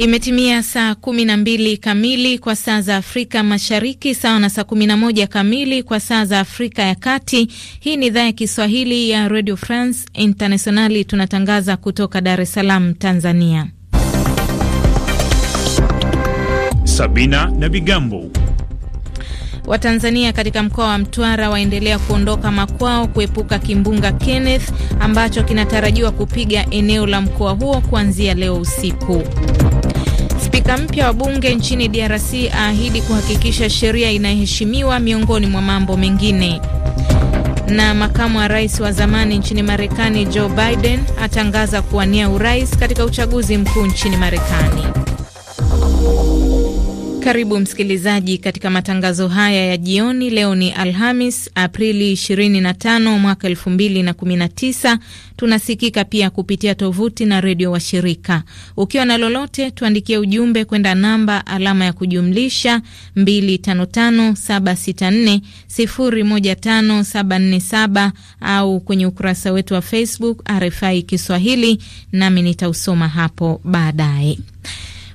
Imetimia saa 12 kamili kwa saa za Afrika Mashariki, sawa na saa 11 kamili kwa saa za Afrika ya Kati. Hii ni idhaa ya Kiswahili ya Radio France Internationali, tunatangaza kutoka Dar es Salaam, Tanzania. Sabina na Bigambo. Watanzania katika mkoa wa Mtwara waendelea kuondoka makwao kuepuka kimbunga Kenneth ambacho kinatarajiwa kupiga eneo la mkoa huo kuanzia leo usiku. Spika mpya wa bunge nchini DRC aahidi kuhakikisha sheria inaheshimiwa miongoni mwa mambo mengine. Na makamu wa rais wa zamani nchini Marekani Joe Biden atangaza kuwania urais katika uchaguzi mkuu nchini Marekani. Karibu msikilizaji katika matangazo haya ya jioni. Leo ni Alhamis, Aprili 25 mwaka 2019. Tunasikika pia kupitia tovuti na redio wa shirika Ukiwa na lolote, tuandikie ujumbe kwenda namba alama ya kujumlisha 255764015747 au kwenye ukurasa wetu wa Facebook RFI Kiswahili, nami nitausoma hapo baadaye.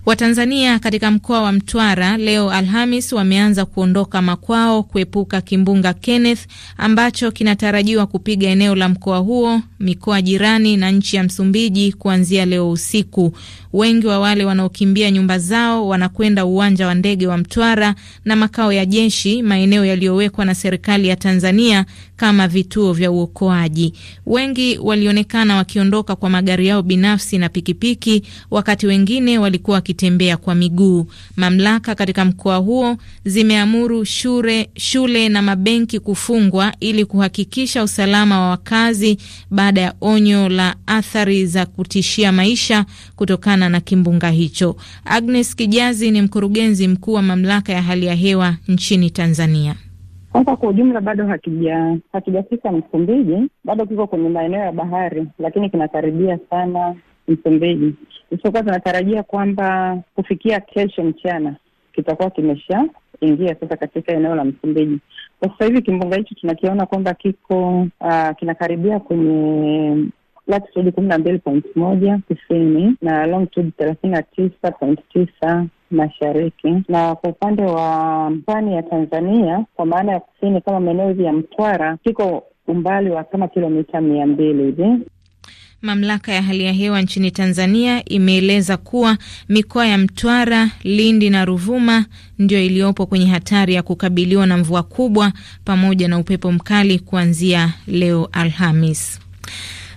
Watanzania katika mkoa wa Mtwara leo Alhamis wameanza kuondoka makwao kuepuka kimbunga Kenneth ambacho kinatarajiwa kupiga eneo la mkoa huo, mikoa jirani na nchi ya Msumbiji kuanzia leo usiku. Wengi wa wale wanaokimbia nyumba zao wanakwenda uwanja wa ndege wa Mtwara na makao ya jeshi, maeneo yaliyowekwa na serikali ya Tanzania kama vituo vya uokoaji. Wengi walionekana wakiondoka kwa magari yao binafsi na pikipiki, wakati wengine walikuwa wakitembea kwa miguu. Mamlaka katika mkoa huo zimeamuru shure, shule na mabenki kufungwa ili kuhakikisha usalama wa wakazi baada ya onyo la athari za kutishia maisha kutokana na kimbunga hicho. Agnes Kijazi ni mkurugenzi mkuu wa mamlaka ya hali ya hewa nchini Tanzania. Kwanza kwa ujumla bado hakija hakijafika Msumbiji, bado kiko kwenye maeneo ya bahari, lakini kinakaribia sana Msumbiji isipokuwa tunatarajia kwamba kufikia kesho mchana kitakuwa kimeshaingia sasa katika eneo la Msumbiji. Kwa sasa hivi kimbunga hicho tunakiona kwamba kiko uh, kinakaribia kwenye latitude kumi na mbili point moja kusini na longitude thelathini na tisa point tisa mashariki na kwa upande wa pwani ya Tanzania kwa maana ya kusini kama maeneo hivi ya Mtwara kiko umbali wa kama kilomita mia mbili hivi. Mamlaka ya hali ya hewa nchini Tanzania imeeleza kuwa mikoa ya Mtwara, Lindi na Ruvuma ndio iliyopo kwenye hatari ya kukabiliwa na mvua kubwa pamoja na upepo mkali kuanzia leo Alhamis.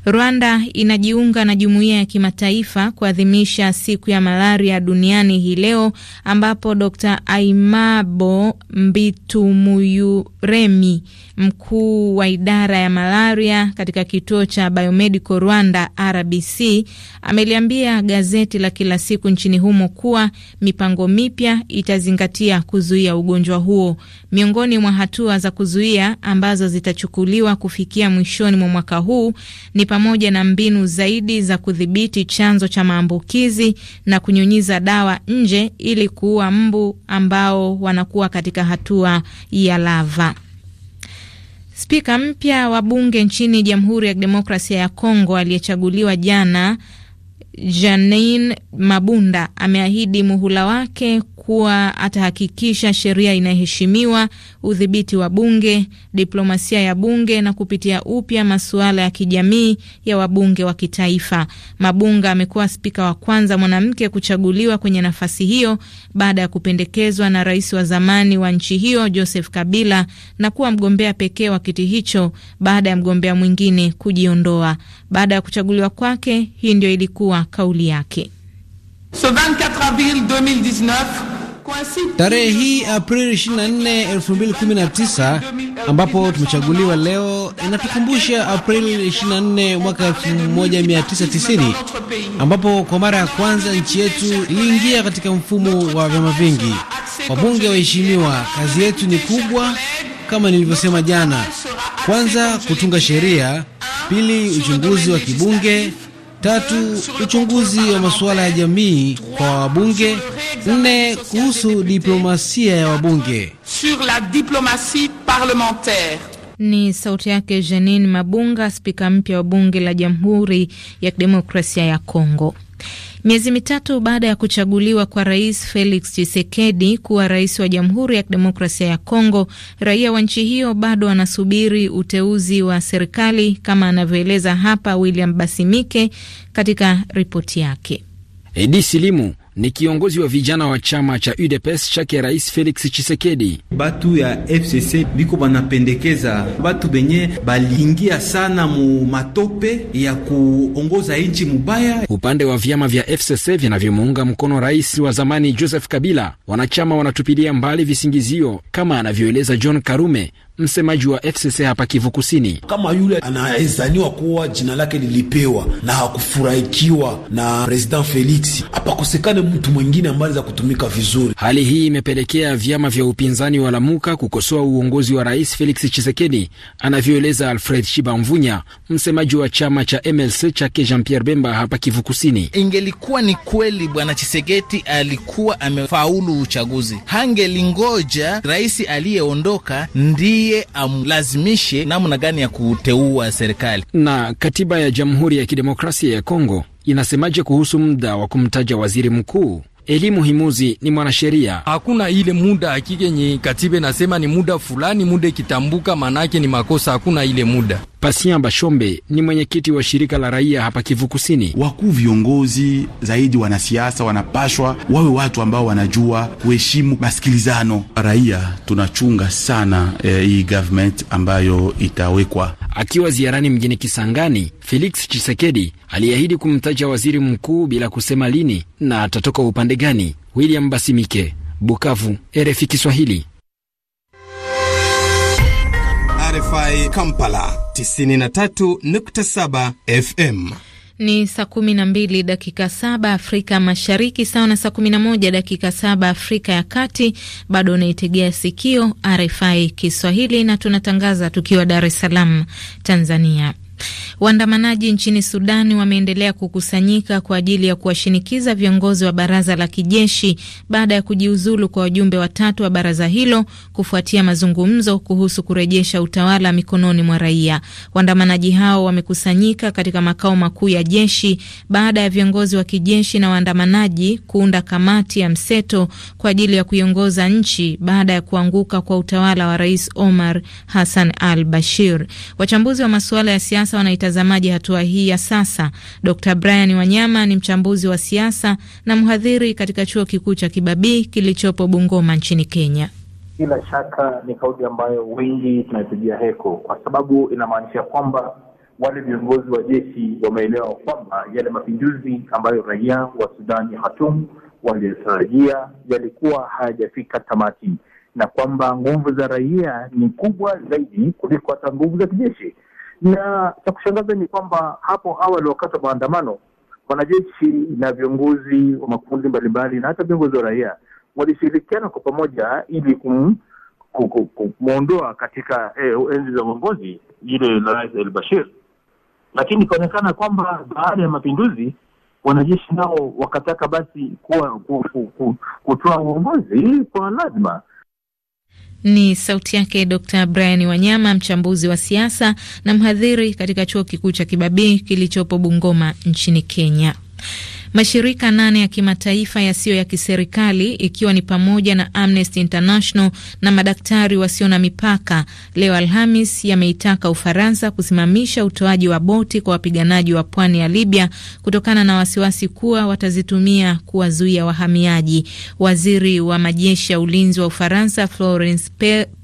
Rwanda inajiunga na jumuiya ya kimataifa kuadhimisha siku ya malaria duniani hii leo, ambapo Dr Aimabo Mbitumuyuremi mkuu wa idara ya malaria katika kituo cha Biomedical Rwanda RBC ameliambia gazeti la kila siku nchini humo kuwa mipango mipya itazingatia kuzuia ugonjwa huo. Miongoni mwa hatua za kuzuia ambazo zitachukuliwa kufikia mwishoni mwa mwaka huu ni pamoja na mbinu zaidi za kudhibiti chanzo cha maambukizi na kunyunyiza dawa nje ili kuua mbu ambao wanakuwa katika hatua ya lava. Spika mpya wa bunge nchini Jamhuri ya Kidemokrasia ya Kongo aliyechaguliwa jana Janine Mabunda ameahidi muhula wake kuwa atahakikisha sheria inaheshimiwa, udhibiti wa bunge, diplomasia ya bunge na kupitia upya masuala ya kijamii ya wabunge wa kitaifa. Mabunga amekuwa spika wa kwanza mwanamke kuchaguliwa kwenye nafasi hiyo baada ya kupendekezwa na rais wa zamani wa nchi hiyo Joseph Kabila na kuwa mgombea pekee wa kiti hicho baada ya mgombea mwingine kujiondoa. Baada ya kuchaguliwa kwake, hii ndio ilikuwa kauli yake. So 24 avril 2019 tarehe hii Aprili 24, 2019 ambapo tumechaguliwa leo, inatukumbusha Aprili 24 mwaka 1990 ambapo kwa mara ya kwanza nchi yetu iliingia katika mfumo wa vyama vingi. Wabunge waheshimiwa, kazi yetu ni kubwa kama nilivyosema jana: kwanza, kutunga sheria; pili, uchunguzi wa kibunge Tatu, uchunguzi wa masuala ya jamii kwa wabunge. Nne, kuhusu diplomasia ya wabunge. Sur la diplomatie parlementaire. Ni sauti yake jenin Mabunga, spika mpya wa bunge la Jamhuri ya Kidemokrasia ya Kongo. Miezi mitatu baada ya kuchaguliwa kwa Rais Felix Tshisekedi kuwa rais wa Jamhuri ya Kidemokrasia ya Kongo, raia wa nchi hiyo bado wanasubiri uteuzi wa serikali, kama anavyoeleza hapa William Basimike katika ripoti yake. Edi Silimu ni kiongozi wa vijana wa chama cha UDPS chake Rais Felix Chisekedi. Batu ya FCC biko banapendekeza batu benye baliingia sana mu matope ya kuongoza nchi mubaya. Upande wa vyama vya FCC vinavyomuunga mkono rais wa zamani Joseph Kabila, wanachama wanatupilia mbali visingizio kama anavyoeleza John Karume msemaji wa FCC hapa Kivu Kusini. Kama yule anaezaniwa kuwa jina lake lilipewa na hakufurahikiwa na President Felix, hapakosekane mtu mwingine ambaye za kutumika vizuri. Hali hii imepelekea vyama vya upinzani wa Lamuka kukosoa uongozi wa Rais Felix chisekedi anavyoeleza Alfred Shibamvunya, msemaji wa chama cha MLC chake Jean Pierre Bemba hapa Kivu Kusini. Ingelikuwa ni kweli bwana Chisekedi alikuwa amefaulu uchaguzi, hangelingoja rais aliyeondoka ndiye ndiye amlazimishe namna gani ya kuteua serikali. Na katiba ya Jamhuri ya Kidemokrasia ya Kongo inasemaje kuhusu muda wa kumtaja waziri mkuu? Elimu Himuzi ni mwanasheria. Hakuna ile muda nye katiba inasema ni muda fulani, muda ikitambuka maanake ni makosa. Hakuna ile muda Pasia Bashombe ni mwenyekiti wa shirika la raia hapa Kivu Kusini. Wakuu viongozi zaidi wanasiasa wanapashwa wawe watu ambao wanajua kuheshimu masikilizano. Raia tunachunga sana hii eh, hii government ambayo itawekwa. Akiwa ziarani mjini Kisangani, Felix chisekedi aliahidi kumtaja waziri mkuu bila kusema lini na atatoka upande gani. William Basimike, Bukavu, RFI Kiswahili. RFI Kampala 93.7 FM. Ni saa 12 dakika saba Afrika Mashariki, sawa na saa 11 dakika saba Afrika ya Kati. Bado unaitegea sikio RFI Kiswahili na tunatangaza tukiwa Dar es Salaam, Tanzania. Waandamanaji nchini Sudani wameendelea kukusanyika kwa ajili ya kuwashinikiza viongozi wa baraza la kijeshi baada ya kujiuzulu kwa wajumbe watatu wa baraza hilo kufuatia mazungumzo kuhusu kurejesha utawala mikononi mwa raia. Waandamanaji hao wamekusanyika katika makao makuu ya jeshi baada ya viongozi wa kijeshi na waandamanaji kuunda kamati ya mseto kwa ajili ya kuiongoza nchi baada ya kuanguka kwa utawala wa Rais Omar Hassan al Bashir. Wachambuzi wa masuala ya siasa siasa wanaitazamaje hatua hii ya sasa? Dr Brian Wanyama ni mchambuzi wa siasa na mhadhiri katika chuo kikuu cha Kibabii kilichopo Bungoma nchini Kenya. Bila shaka ni kauli ambayo wengi tunaipigia heko, kwa sababu inamaanisha kwamba wale viongozi wa jeshi wameelewa kwamba yale mapinduzi ambayo raia wa Sudani hatum waliyotarajia yalikuwa hayajafika tamati, na kwamba nguvu za raia ni kubwa zaidi kuliko hata nguvu za kijeshi. Na cha kushangaza ni kwamba hapo awali, wakati wa maandamano, wanajeshi na viongozi wa makundi mbalimbali na hata viongozi wa raia walishirikiana kwa pamoja ili kumwondoa katika eh, enzi za uongozi ile la Rais El Bashir, lakini ikaonekana kwamba baada ya mapinduzi wanajeshi nao wakataka basi kutoa uongozi kwa lazima ni sauti yake Dr Brian Wanyama, mchambuzi wa siasa na mhadhiri katika chuo kikuu cha Kibabii kilichopo Bungoma nchini Kenya. Mashirika nane ya kimataifa yasiyo ya kiserikali ikiwa ni pamoja na Amnesty International na madaktari wasio na mipaka leo Alhamis yameitaka Ufaransa kusimamisha utoaji wa boti kwa wapiganaji wa pwani ya Libya kutokana na wasiwasi kuwa watazitumia kuwazuia wahamiaji. Waziri wa majeshi ya ulinzi wa Ufaransa Florence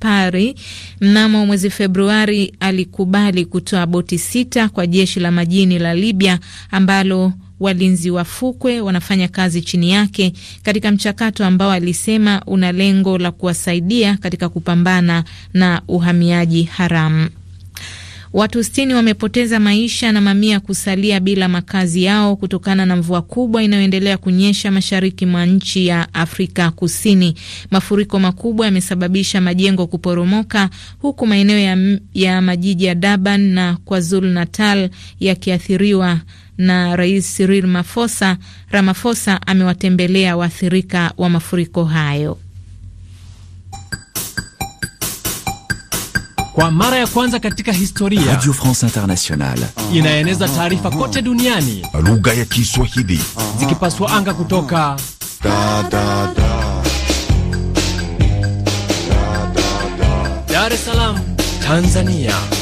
Parly mnamo mwezi Februari alikubali kutoa boti sita kwa jeshi la majini la Libya ambalo walinzi wa fukwe wanafanya kazi chini yake katika mchakato ambao alisema una lengo la kuwasaidia katika kupambana na uhamiaji haramu. Watu sitini wamepoteza maisha na mamia kusalia bila makazi yao kutokana na mvua kubwa inayoendelea kunyesha mashariki mwa nchi ya Afrika Kusini. Mafuriko makubwa yamesababisha majengo kuporomoka huku maeneo ya, ya majiji ya Durban na KwaZulu Natal yakiathiriwa na Rais Cyril Ramaphosa, Ramaphosa amewatembelea waathirika wa mafuriko hayo. Kwa mara ya kwanza katika historia, Radio France Internationale inaeneza taarifa kote duniani lugha ya Kiswahili zikipaswa anga kutoka da, da, da. Dar es Salaam, Tanzania.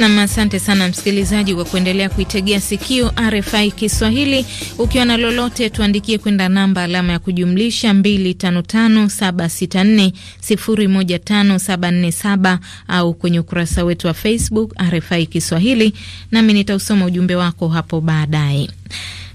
Nam, asante sana msikilizaji kwa kuendelea kuitegea sikio RFI Kiswahili. Ukiwa na lolote, tuandikie kwenda namba alama ya kujumlisha 255764015747 au kwenye ukurasa wetu wa Facebook RFI Kiswahili, nami nitausoma ujumbe wako hapo baadaye.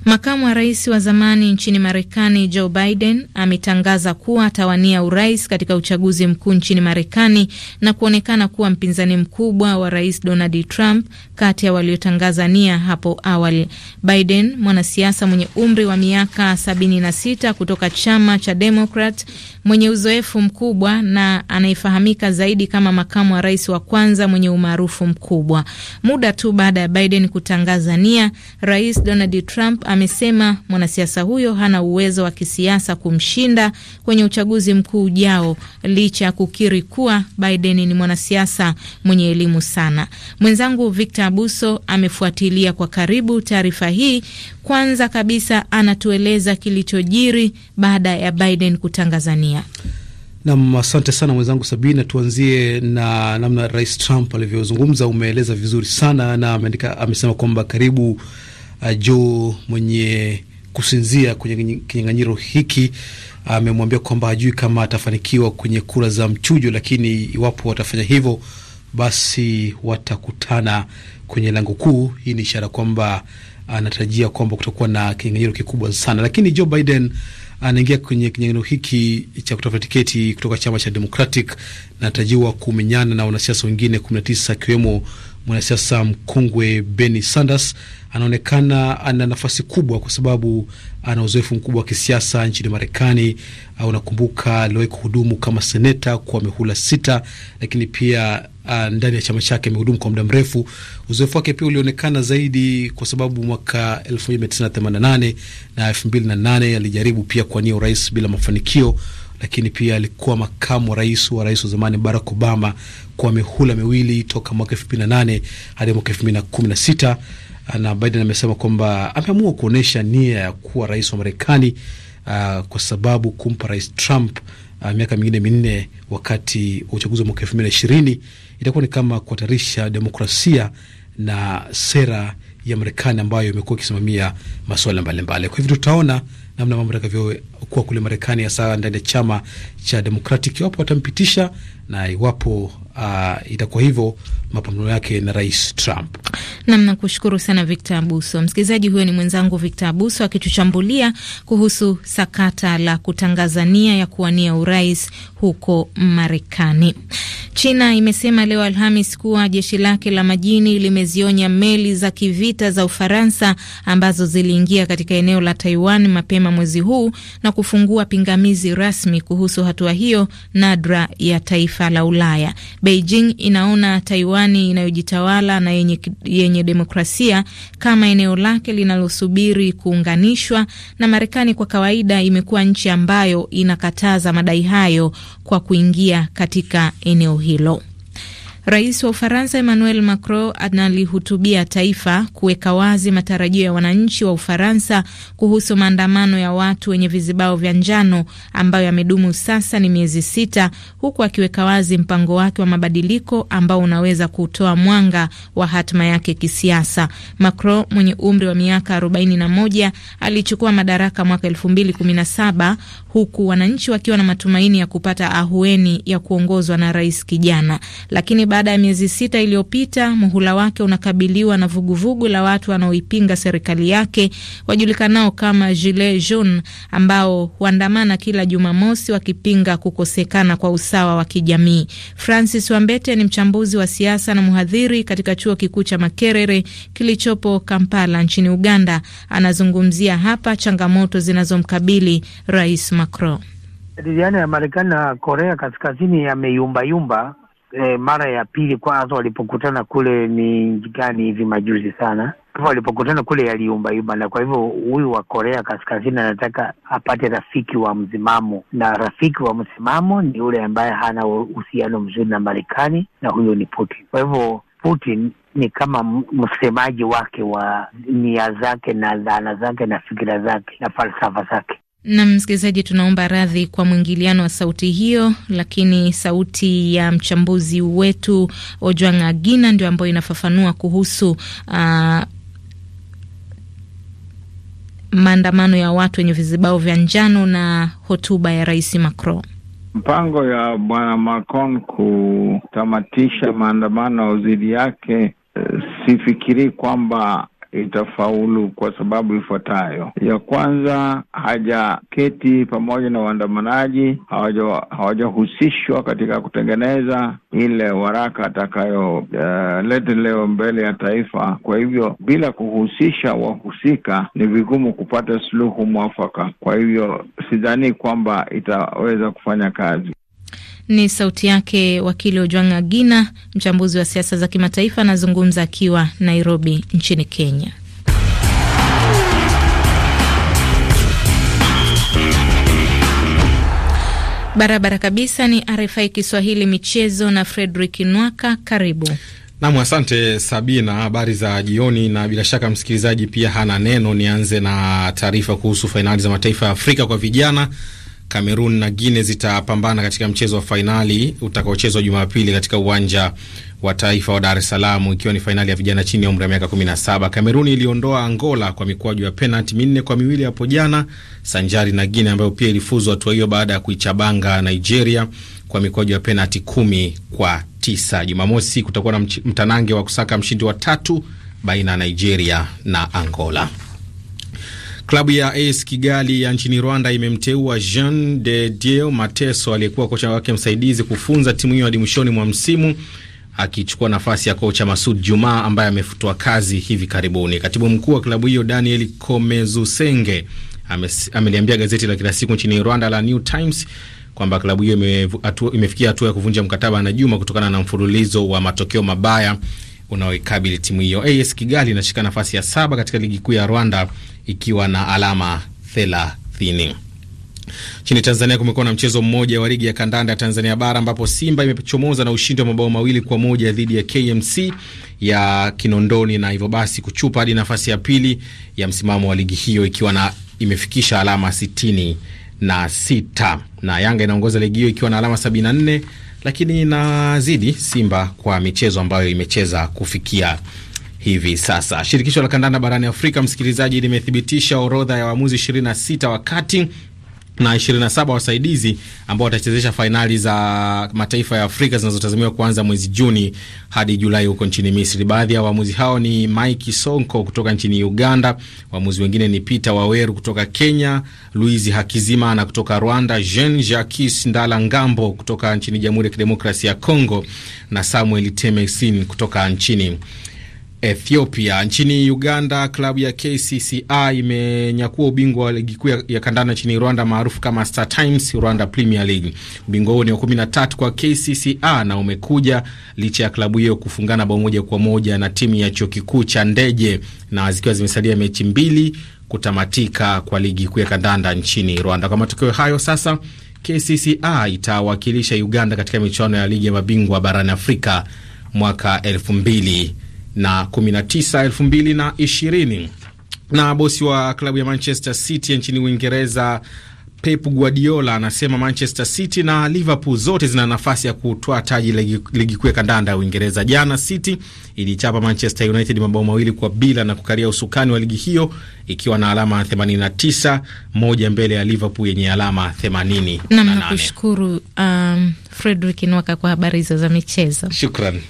Makamu wa rais wa zamani nchini Marekani Joe Biden ametangaza kuwa atawania urais katika uchaguzi mkuu nchini Marekani na kuonekana kuwa mpinzani mkubwa wa rais Donald Trump kati ya waliotangaza nia hapo awali. Biden, mwanasiasa mwenye umri wa miaka 76 kutoka chama cha Demokrat, mwenye uzoefu mkubwa na anayefahamika zaidi kama makamu wa rais wa kwanza mwenye umaarufu mkubwa. Muda tu baada ya Biden kutangaza nia, rais Donald Trump amesema mwanasiasa huyo hana uwezo wa kisiasa kumshinda kwenye uchaguzi mkuu ujao licha ya kukiri kuwa Biden ni mwanasiasa mwenye elimu sana. Mwenzangu Victor Abuso amefuatilia kwa karibu taarifa hii. Kwanza kabisa anatueleza kilichojiri baada ya Biden kutangazania. Nam, asante sana mwenzangu Sabina. Tuanzie na namna Rais Trump alivyozungumza, umeeleza vizuri sana na ameandika, amesema kwamba karibu uh, Joe mwenye kusinzia kwenye kinyang'anyiro hiki amemwambia uh, kwamba hajui kama atafanikiwa kwenye kura za mchujo, lakini iwapo watafanya hivyo, basi watakutana kwenye lango kuu. Hii ni ishara kwamba anatarajia uh, kwamba kutakuwa na kinyang'anyiro kikubwa sana, lakini Joe Biden anaingia kwenye kinyang'anyiro hiki cha kutafuta tiketi kutoka chama cha Democratic na anatarajiwa kumenyana na wanasiasa wengine 19 akiwemo mwanasiasa mkongwe Bernie Sanders anaonekana ana nafasi kubwa kwa sababu ana uzoefu mkubwa wa kisiasa nchini Marekani. Uh, unakumbuka aliwahi kuhudumu kama seneta kwa mihula sita, lakini pia uh, ndani ya chama chake amehudumu kwa muda mrefu. Uzoefu wake pia ulionekana zaidi kwa sababu mwaka 1988 na 2008 alijaribu pia kuwania urais bila mafanikio, lakini pia alikuwa makamu wa rais wa rais wa zamani Barack Obama kwa mihula miwili toka mwaka 2008 hadi mwaka 2016 na Biden amesema kwamba ameamua kuonyesha nia ya kuwa rais wa Marekani uh, kwa sababu kumpa rais Trump uh, miaka mingine minne wakati wa uchaguzi wa mwaka elfu mbili na ishirini itakuwa ni kama kuhatarisha demokrasia na sera ya Marekani ambayo imekuwa ikisimamia masuala mbalimbali. Kwa hivyo tutaona namna mambo yatakavyo kuwa kule Marekani, hasa ndani ya chama cha Democratic, iwapo watampitisha na iwapo uh, itakuwa hivyo mapambano yake na rais Trump. Nam, nakushukuru sana Victor Abuso. Msikilizaji huyo ni mwenzangu Victor Abuso akituchambulia kuhusu sakata la kutangaza nia ya kuwania urais huko Marekani. China imesema leo Alhamis kuwa jeshi lake la majini limezionya meli za kivita za Ufaransa ambazo ziliingia katika eneo la Taiwan mapema mwezi huu na na kufungua pingamizi rasmi kuhusu hatua hiyo nadra ya taifa la Ulaya. Beijing inaona Taiwani inayojitawala na yenye, yenye demokrasia kama eneo lake linalosubiri kuunganishwa, na Marekani kwa kawaida imekuwa nchi ambayo inakataza madai hayo kwa kuingia katika eneo hilo. Rais wa Ufaransa Emmanuel Macron analihutubia taifa kuweka wazi matarajio ya wananchi wa Ufaransa kuhusu maandamano ya watu wenye vizibao vya njano ambayo yamedumu sasa ni miezi sita, huku akiweka wazi mpango wake wa mabadiliko ambao unaweza kutoa mwanga wa hatima yake kisiasa. Macron mwenye umri wa miaka 41 alichukua madaraka mwaka 2017 huku wananchi wakiwa na matumaini ya kupata ahueni ya kuongozwa na rais kijana. Lakini baada ya miezi sita iliyopita, muhula wake unakabiliwa na vuguvugu la watu wanaoipinga serikali yake wajulikanao kama Gilet Jaune, ambao huandamana kila Jumamosi wakipinga kukosekana kwa usawa wa kijamii. Francis Wambete ni mchambuzi wa siasa na mhadhiri katika chuo kikuu cha Makerere kilichopo Kampala nchini Uganda. Anazungumzia hapa changamoto zinazomkabili rais Macron. Riviana yaani, ya Marekani na Korea Kaskazini yameyumbayumba e, mara ya pili kwanza walipokutana kule ni gani hivi majuzi sana walipokutana kule yaliyumbayumba na kwa hivyo huyu wa Korea Kaskazini anataka apate rafiki wa msimamo, na rafiki wa msimamo ni yule ambaye hana uhusiano mzuri na Marekani, na huyo ni Putin. Kwa hivyo Putin ni kama msemaji wake wa nia zake na dhana zake na fikira zake na falsafa zake. Na msikilizaji, tunaomba radhi kwa mwingiliano wa sauti hiyo, lakini sauti ya mchambuzi wetu Ojwang Agina ndio ambayo inafafanua kuhusu uh, maandamano ya watu wenye vizibao vya njano na hotuba ya Rais Macron. Mpango ya Bwana Macron kutamatisha maandamano dhidi yake, eh, sifikiri kwamba itafaulu kwa sababu ifuatayo. Ya kwanza, hajaketi pamoja na waandamanaji, hawajahusishwa hawaja katika kutengeneza ile waraka atakayoleta eh, uh, mbele ya taifa. Kwa hivyo, bila kuhusisha wahusika ni vigumu kupata suluhu mwafaka. Kwa hivyo, sidhani kwamba itaweza kufanya kazi. Ni sauti yake wakili Ojwang Agina, mchambuzi wa siasa za kimataifa, anazungumza akiwa Nairobi nchini Kenya. Barabara kabisa. Ni RFI Kiswahili michezo na Fredrik Nwaka, karibu nam. Asante Sabina, habari za jioni. Na bila shaka msikilizaji pia hana neno. Nianze na taarifa kuhusu fainali za mataifa ya Afrika kwa vijana Kamerun na Guine zitapambana katika mchezo wa fainali utakaochezwa Jumapili katika uwanja wa taifa wa Dar es Salaam, ikiwa ni fainali ya vijana chini ya umri wa miaka 17. Kamerun iliondoa Angola kwa mikwaju ya penalti minne kwa miwili hapo jana, sanjari na Guine ambayo pia ilifuzwa hatua hiyo baada ya kuichabanga Nigeria kwa mikwaju ya penalti kumi kwa tisa. Jumamosi kutakuwa na mtanange wa kusaka mshindi wa tatu baina ya Nigeria na Angola. Klabu ya AS Kigali ya nchini Rwanda imemteua Jean de Dieu Mateso aliyekuwa kocha wake msaidizi kufunza timu hiyo hadi mwishoni mwa msimu akichukua nafasi ya kocha Masud Juma ambaye amefutwa kazi hivi karibuni. Katibu mkuu wa klabu hiyo Daniel Komezusenge ameliambia gazeti la kila siku nchini Rwanda la New Times kwamba klabu hiyo imefikia hatua ya kuvunja mkataba na Juma kutokana na mfululizo wa matokeo mabaya unaoikabili timu hiyo. AS Kigali inashika nafasi ya saba katika ligi kuu ya Rwanda ikiwa na alama 30. Nchini Tanzania kumekuwa na mchezo mmoja wa ligi ya kandanda ya Tanzania bara ambapo Simba imechomoza na ushindi wa mabao mawili kwa moja dhidi ya KMC ya Kinondoni na hivyo basi kuchupa hadi nafasi ya pili ya msimamo wa ligi hiyo ikiwa na imefikisha alama 66 na na Yanga inaongoza ligi hiyo ikiwa na alama 74 lakini inazidi Simba kwa michezo ambayo imecheza kufikia hivi sasa. Shirikisho la kandanda barani Afrika, msikilizaji, limethibitisha orodha ya waamuzi 26 wakati na 27 wasaidizi ambao watachezesha fainali za mataifa ya Afrika zinazotazamiwa kuanza mwezi Juni hadi Julai huko nchini Misri. Baadhi ya waamuzi hao ni Mike Sonko kutoka nchini Uganda. Waamuzi wengine ni Peter Waweru kutoka Kenya, Louis Hakizimana kutoka Rwanda, Jean Jacques Ndala Ngambo kutoka nchini Jamhuri ya Kidemokrasia ya Kongo na Samuel Temesin kutoka nchini Ethiopia. Nchini Uganda, klabu ya KCCA imenyakua ubingwa wa ligi kuu ya kandanda nchini Rwanda maarufu kama Star Times Rwanda Premier League. Ubingwa huo ni wa 13 kwa KCCA na umekuja licha ya klabu hiyo kufungana bao moja kwa moja na timu ya chuo kikuu cha Ndege na zikiwa zimesalia mechi mbili kutamatika kwa ligi kuu ya kandanda nchini Rwanda. Kwa matokeo hayo sasa KCCA itawakilisha Uganda katika michuano ya ligi ya mabingwa barani Afrika mwaka elfu mbili na 19 2020. Na bosi wa klabu ya Manchester City nchini Uingereza Pep Guardiola anasema Manchester City na Liverpool zote zina nafasi ya kutoa taji ligi, ligi kuu ya kandanda ya Uingereza. Jana City ilichapa Manchester United mabao mawili kwa bila na kukaria usukani wa ligi hiyo ikiwa na alama 89, moja mbele ya Liverpool yenye alama 88. um, Fredrick Nwaka kwa habari hizo za michezo. Shukran.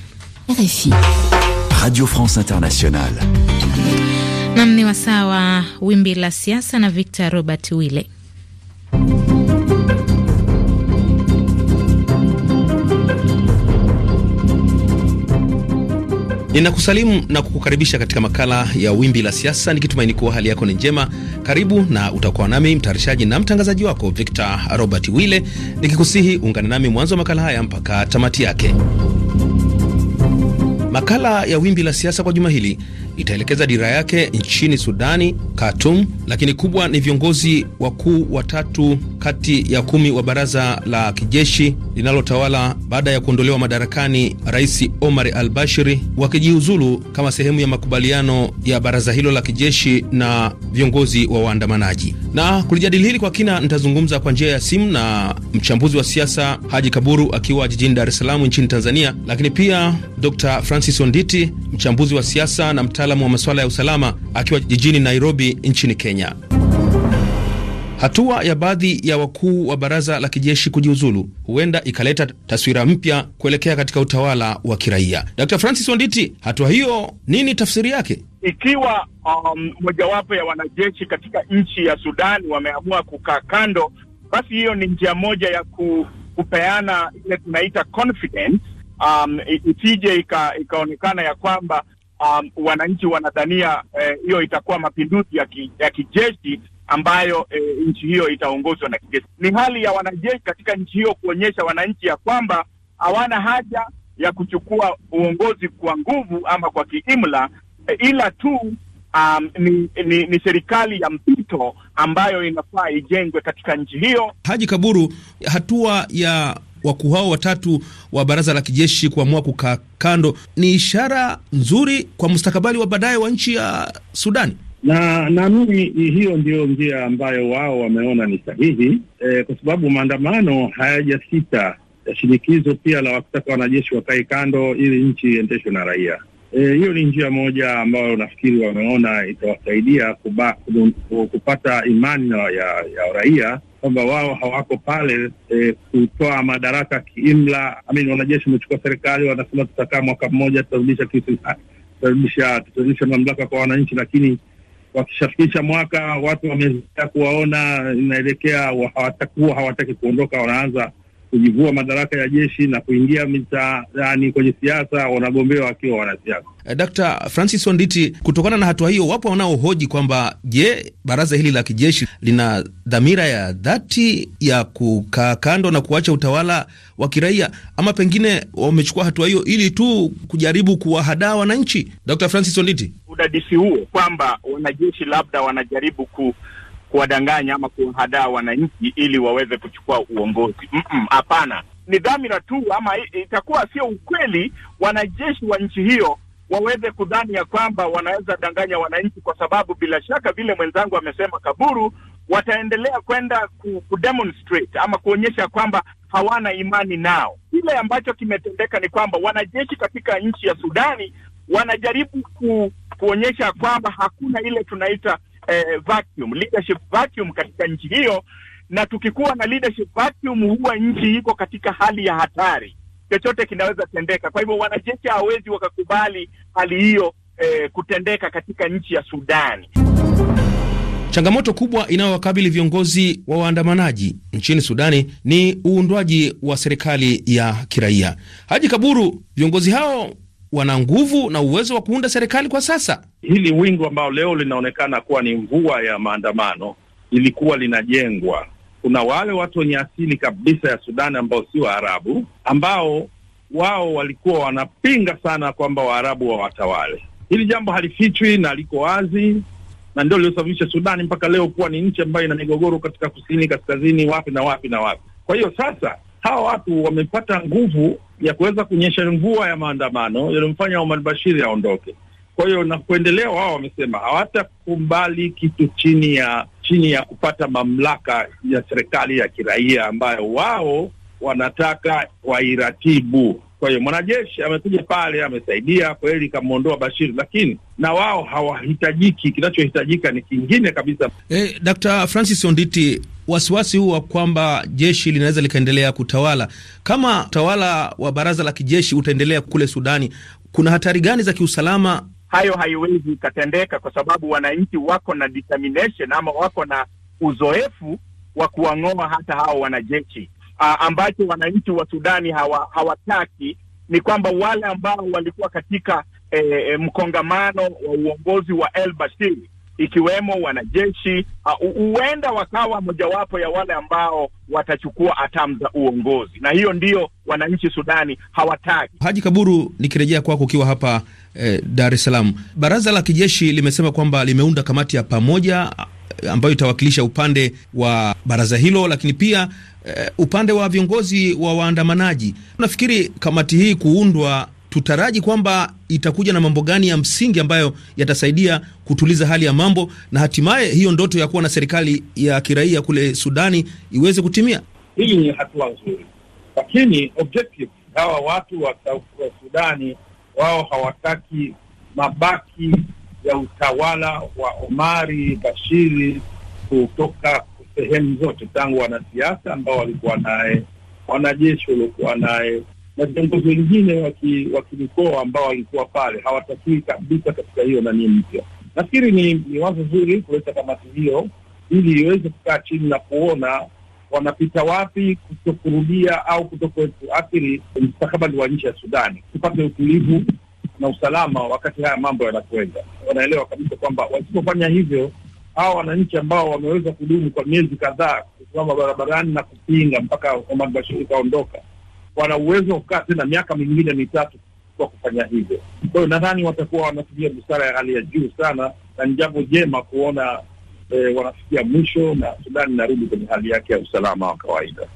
Radio France Internationale. Nam ni wasaa wa wimbi la siasa na Victor Robert Wille. Ninakusalimu na kukukaribisha katika makala ya wimbi la siasa, nikitumaini kuwa hali yako ni njema. Karibu na utakuwa nami mtayarishaji na mtangazaji wako Victor Robert Wille, nikikusihi ungane nami mwanzo wa makala haya mpaka tamati yake. Makala ya Wimbi la Siasa kwa juma hili itaelekeza dira yake nchini Sudani, Khartoum, lakini kubwa ni viongozi wakuu watatu kati ya kumi wa baraza la kijeshi linalotawala baada ya kuondolewa madarakani Rais Omar al Bashiri wakijiuzulu kama sehemu ya makubaliano ya baraza hilo la kijeshi na viongozi wa waandamanaji. Na kulijadili hili kwa kina, nitazungumza kwa njia ya simu na mchambuzi wa siasa Haji Kaburu akiwa jijini Dar es Salaam nchini Tanzania, lakini pia Dr Francis Onditi, mchambuzi wa siasa na mtaalamu wa masuala ya usalama, akiwa jijini Nairobi nchini Kenya. Hatua ya baadhi ya wakuu wa baraza la kijeshi kujiuzulu huenda ikaleta taswira mpya kuelekea katika utawala wa kiraia. Dr Francis Onditi, hatua hiyo nini tafsiri yake? Ikiwa um, mojawapo ya wanajeshi katika nchi ya Sudani wameamua kukaa kando, basi hiyo ni njia moja ya ku, kupeana ile tunaita confidence um, isije ika, ikaonekana ya kwamba um, wananchi wanadhania eh, hiyo eh, itakuwa mapinduzi ya, ki, ya kijeshi ambayo eh, nchi hiyo itaongozwa na kijeshi. Ni hali ya wanajeshi katika nchi hiyo kuonyesha wananchi ya kwamba hawana haja ya kuchukua uongozi kwa nguvu ama kwa kiimla, eh, ila tu Um, ni, ni, ni serikali ya mpito ambayo inafaa ijengwe katika nchi hiyo. Haji Kaburu, hatua ya wakuu hao watatu wa baraza la kijeshi kuamua kukaa kando ni ishara nzuri kwa mustakabali wa baadaye wa nchi ya Sudani na naamini hiyo ndiyo njia ambayo wao wameona ni sahihi e, kwa sababu maandamano hayajasita. Shinikizo pia la wakutaka wanajeshi wakae kando ili nchi iendeshwe na raia. Eh, hiyo ni njia moja ambayo nafikiri wameona itawasaidia kupata imani ya, ya raia kwamba wao hawako pale e, kutoa madaraka kiimla. amin wanajeshi wamechukua serikali, wanasema tutakaa mwaka mmoja, ah, tutarudisha tutarudisha mamlaka kwa wananchi, lakini wakishafikisha mwaka watu wameza kuwaona, inaelekea hawatakuwa hawataki kuondoka, wanaanza kujivua madaraka ya jeshi na kuingia mitaani kwenye siasa, wanagombea wakiwa wanasiasa. Eh, Dr. Francis Onditi, kutokana na hatua hiyo, wapo wanaohoji kwamba je, baraza hili la kijeshi lina dhamira ya dhati ya kukaa kando na kuacha utawala wa kiraia, ama pengine wamechukua hatua hiyo ili tu kujaribu kuwahadaa wananchi? Dr. Francis Onditi, udadisi huo kwamba wanajeshi labda wanajaribu ku kuwadanganya ama kuwahadaa wananchi ili waweze kuchukua uongozi. Hapana, mm -mm, ni dhamira tu, ama itakuwa sio ukweli wanajeshi wa nchi hiyo waweze kudhani ya kwamba wanaweza danganya wananchi, kwa sababu bila shaka vile mwenzangu amesema, Kaburu, wataendelea kwenda kudemonstrate ama kuonyesha kwamba hawana imani nao. Kile ambacho kimetendeka ni kwamba wanajeshi katika nchi ya Sudani wanajaribu ku, kuonyesha kwamba hakuna ile tunaita eh, vacuum, leadership vacuum katika nchi hiyo, na tukikuwa na leadership vacuum huwa nchi iko katika hali ya hatari, chochote kinaweza tendeka. Kwa hivyo wanajeshi hawawezi wakakubali hali hiyo eh, kutendeka katika nchi ya Sudani. Changamoto kubwa inayowakabili viongozi wa waandamanaji nchini Sudani ni uundwaji wa serikali ya kiraia. Haji Kaburu, viongozi hao wana nguvu na uwezo wa kuunda serikali kwa sasa? Hili wingu ambao leo linaonekana kuwa ni mvua ya maandamano lilikuwa linajengwa. Kuna wale watu wenye asili kabisa ya Sudani ambao si Waarabu, ambao wao walikuwa wanapinga sana kwamba Waarabu wawatawale. Hili jambo halifichwi na liko wazi, na ndio liliosababisha Sudani mpaka leo kuwa ni nchi ambayo ina migogoro katika kusini, kaskazini, wapi na wapi na wapi. Kwa hiyo sasa hawa watu wamepata nguvu ya kuweza kunyesha mvua ya maandamano yaliyomfanya Omar Bashir aondoke. Kwa hiyo na kuendelea, wao wamesema hawatakubali kitu chini ya chini ya kupata mamlaka ya serikali ya kiraia ambayo wao wanataka wairatibu kwa hiyo mwanajeshi amekuja pale, amesaidia kweli, kamwondoa Bashir, lakini na wao hawahitajiki. Kinachohitajika ni kingine kabisa. Eh, Dr. Francis Onditi, wasiwasi huu wa kwamba jeshi linaweza likaendelea kutawala kama utawala wa baraza la kijeshi utaendelea kule Sudani, kuna hatari gani za kiusalama? Hayo haiwezi ikatendeka kwa sababu wananchi wako na determination ama wako na uzoefu wa kuwang'oa hata hao wanajeshi uh, ambacho wananchi wa Sudani hawa, hawataki ni kwamba wale ambao walikuwa katika eh, mkongamano wa uongozi wa El Bashir ikiwemo wanajeshi huenda uh, wakawa mojawapo ya wale ambao watachukua hatamu za uongozi, na hiyo ndiyo wananchi Sudani hawataki. Haji Kaburu, nikirejea kwako ukiwa hapa eh, Dar es Salaam, baraza la kijeshi limesema kwamba limeunda kamati ya pamoja ambayo itawakilisha upande wa baraza hilo, lakini pia eh, upande wa viongozi wa waandamanaji, nafikiri kamati hii kuundwa, tutaraji kwamba itakuja na mambo gani ya msingi ambayo yatasaidia kutuliza hali ya mambo na hatimaye hiyo ndoto ya kuwa na serikali ya kiraia kule Sudani iweze kutimia. Hii ni hatua nzuri, lakini objective hawa watu wa Sudani wao hawataki mabaki ya utawala wa Omari Bashiri kutoka sehemu zote, tangu wanasiasa ambao walikuwa naye, wanajeshi waliokuwa naye na viongozi wengine wa kimikoa ambao walikuwa pale, hawatakiwi kabisa katika hiyo nani mpya. Nafikiri ni, ni wazo zuri kuleta kamati hiyo ili iweze kukaa chini na kuona wanapita wapi kutokurudia au kutokuathiri mstakabali wa nchi ya Sudani, tupate utulivu na usalama wakati haya mambo yanakwenda. Wanaelewa kabisa kwamba wasipofanya hivyo hawa wananchi ambao wameweza kudumu kwa miezi kadhaa kusimama barabarani na kupinga mpaka Omar Bashir ikaondoka, wana uwezo wa kukaa tena miaka mingine mitatu kwa kufanya hivyo. Kwa hiyo nadhani watakuwa wanatumia busara ya hali ya juu sana, na ni jambo jema kuona eh, wanafikia mwisho na Sudani inarudi kwenye hali yake ya usalama wa kawaida.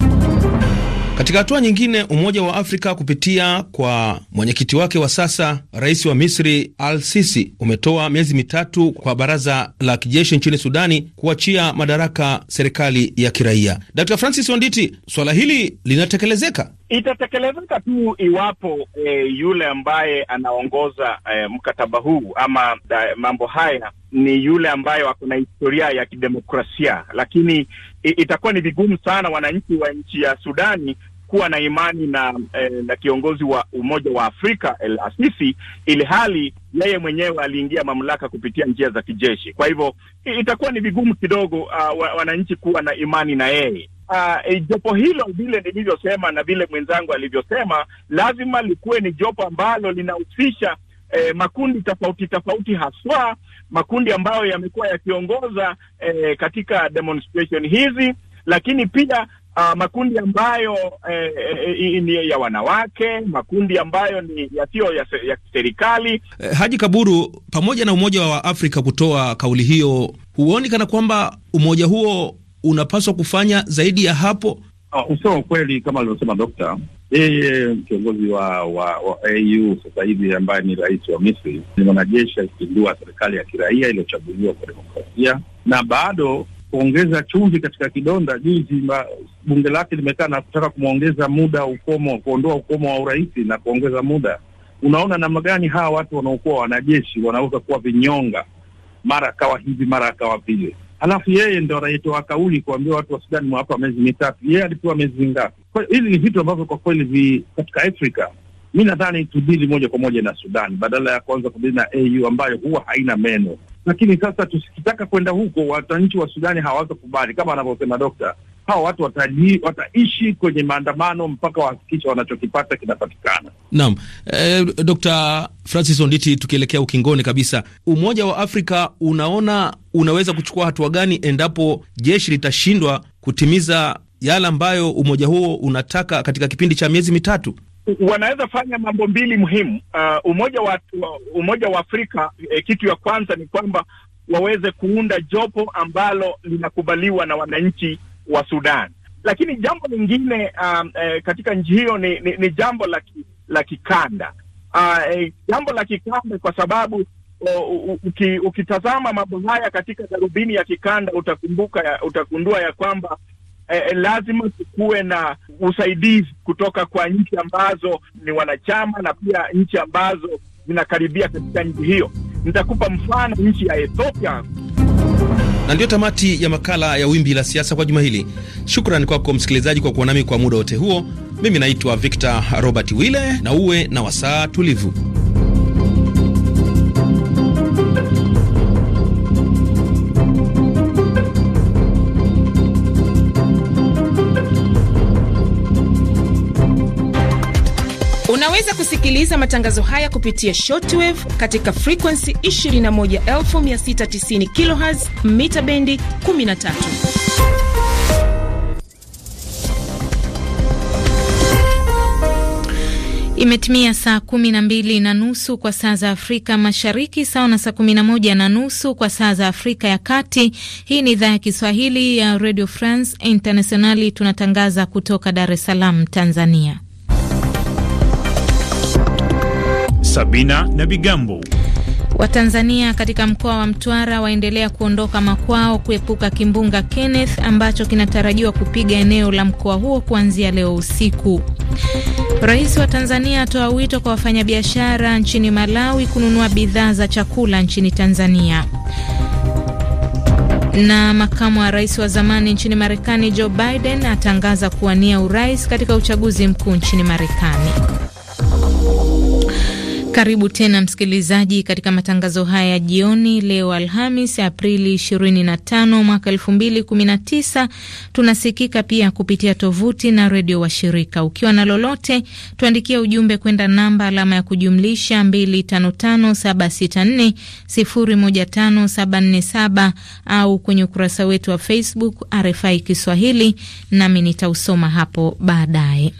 Katika hatua nyingine, Umoja wa Afrika kupitia kwa mwenyekiti wake wa sasa, rais wa Misri Al Sisi, umetoa miezi mitatu kwa baraza la kijeshi nchini Sudani kuachia madaraka serikali ya kiraia. Dr Francis Onditi, swala hili linatekelezeka? Itatekelezeka tu iwapo e, yule ambaye anaongoza e, mkataba huu ama da, mambo haya ni yule ambayo ako na historia ya kidemokrasia, lakini itakuwa ni vigumu sana wananchi wa nchi ya Sudani kuwa na imani na, eh, na kiongozi wa Umoja wa Afrika El Asisi, ili hali yeye mwenyewe aliingia mamlaka kupitia njia za kijeshi. Kwa hivyo itakuwa ni vigumu kidogo uh, wananchi kuwa na imani na yeye. Uh, jopo hilo vile nilivyosema na vile mwenzangu alivyosema, lazima likuwe ni jopo ambalo linahusisha eh, makundi tofauti tofauti, haswa makundi ambayo yamekuwa yakiongoza eh, katika demonstration hizi, lakini pia Uh, makundi ambayo eh, eh, ni ya wanawake, makundi ambayo ni yasiyo ya, ya serikali. Eh, Haji Kaburu, pamoja na Umoja wa Afrika kutoa kauli hiyo, huoni kana kwamba umoja huo unapaswa kufanya zaidi ya hapo Ah, Usema ukweli kama alivyosema dokta, yeye kiongozi wa wa, wa AU sasa hivi ambaye ni rais wa Misri ni mwanajeshi akipindua serikali ya kiraia iliyochaguliwa kwa demokrasia, na bado kuongeza chumvi katika kidonda. Juzi bunge lake limekaa na kutaka kumwongeza muda ukomo, kuondoa ukomo wa urais na kuongeza muda. Unaona namna gani hawa watu wanaokuwa wanajeshi wanaweza kuwa vinyonga, mara akawa hivi, mara akawa vile alafu yeye ndo anaitoa kauli kuambia watu wa Sudani mwawapa miezi mitatu, yeye alipewa miezi ngapi? Hivi ni vitu ambavyo kwa kweli vi katika Afrika mi nadhani tudili moja kwa moja na Sudani badala ya kuanza kudili na AU ambayo huwa haina meno. Lakini sasa tusikitaka kwenda huko, wananchi wa Sudani hawatokubali kama anavyosema Dokta hawa watu wataji, wataishi kwenye maandamano mpaka wahakikisha wanachokipata kinapatikana. Naam. Eh, Dr. Francis Onditi, tukielekea ukingoni kabisa, Umoja wa Afrika unaona unaweza kuchukua hatua gani endapo jeshi litashindwa kutimiza yale ambayo umoja huo unataka katika kipindi cha miezi mitatu? Wanaweza fanya mambo mbili muhimu. Uh, umoja wa Umoja wa Afrika eh, kitu ya kwanza ni kwamba waweze kuunda jopo ambalo linakubaliwa na wananchi wa Sudan. Lakini jambo lingine um, e, katika nchi hiyo ni, ni, ni jambo la, ki, la kikanda uh, e, jambo la kikanda kwa sababu uh, uki, ukitazama mambo haya katika darubini ya kikanda utakumbuka ya, utagundua ya kwamba E, lazima tukuwe na usaidizi kutoka kwa nchi ambazo ni wanachama na pia nchi ambazo zinakaribia katika nchi hiyo. Nitakupa mfano nchi ya Ethiopia na ndiyo tamati ya makala ya Wimbi la Siasa kwa juma hili. Shukrani kwako msikilizaji kwa kuwa nami kwa muda wote huo. Mimi naitwa Victor Robert wille na uwe na wasaa tulivu. Unaweza kusikiliza matangazo haya kupitia shortwave katika frekuensi 21690 kHz mita bendi 13. Imetimia saa kumi na mbili na nusu kwa saa za Afrika Mashariki, sawa na saa kumi na moja na nusu kwa saa za Afrika ya Kati. Hii ni idhaa ya Kiswahili ya Radio France Internationali, tunatangaza kutoka Dar es Salaam, Tanzania. Sabina na Bigambo. Watanzania katika mkoa wa Mtwara waendelea kuondoka makwao kuepuka kimbunga Kenneth ambacho kinatarajiwa kupiga eneo la mkoa huo kuanzia leo usiku. Rais wa Tanzania atoa wito kwa wafanyabiashara nchini Malawi kununua bidhaa za chakula nchini Tanzania. Na makamu wa rais wa zamani nchini Marekani Joe Biden atangaza kuwania urais katika uchaguzi mkuu nchini Marekani. Karibu tena msikilizaji, katika matangazo haya ya jioni leo Alhamis, Aprili 25 mwaka 2019. Tunasikika pia kupitia tovuti na redio washirika. Ukiwa na lolote, tuandikia ujumbe kwenda namba alama ya kujumlisha 255764015747 au kwenye ukurasa wetu wa Facebook RFI Kiswahili, nami nitausoma hapo baadaye.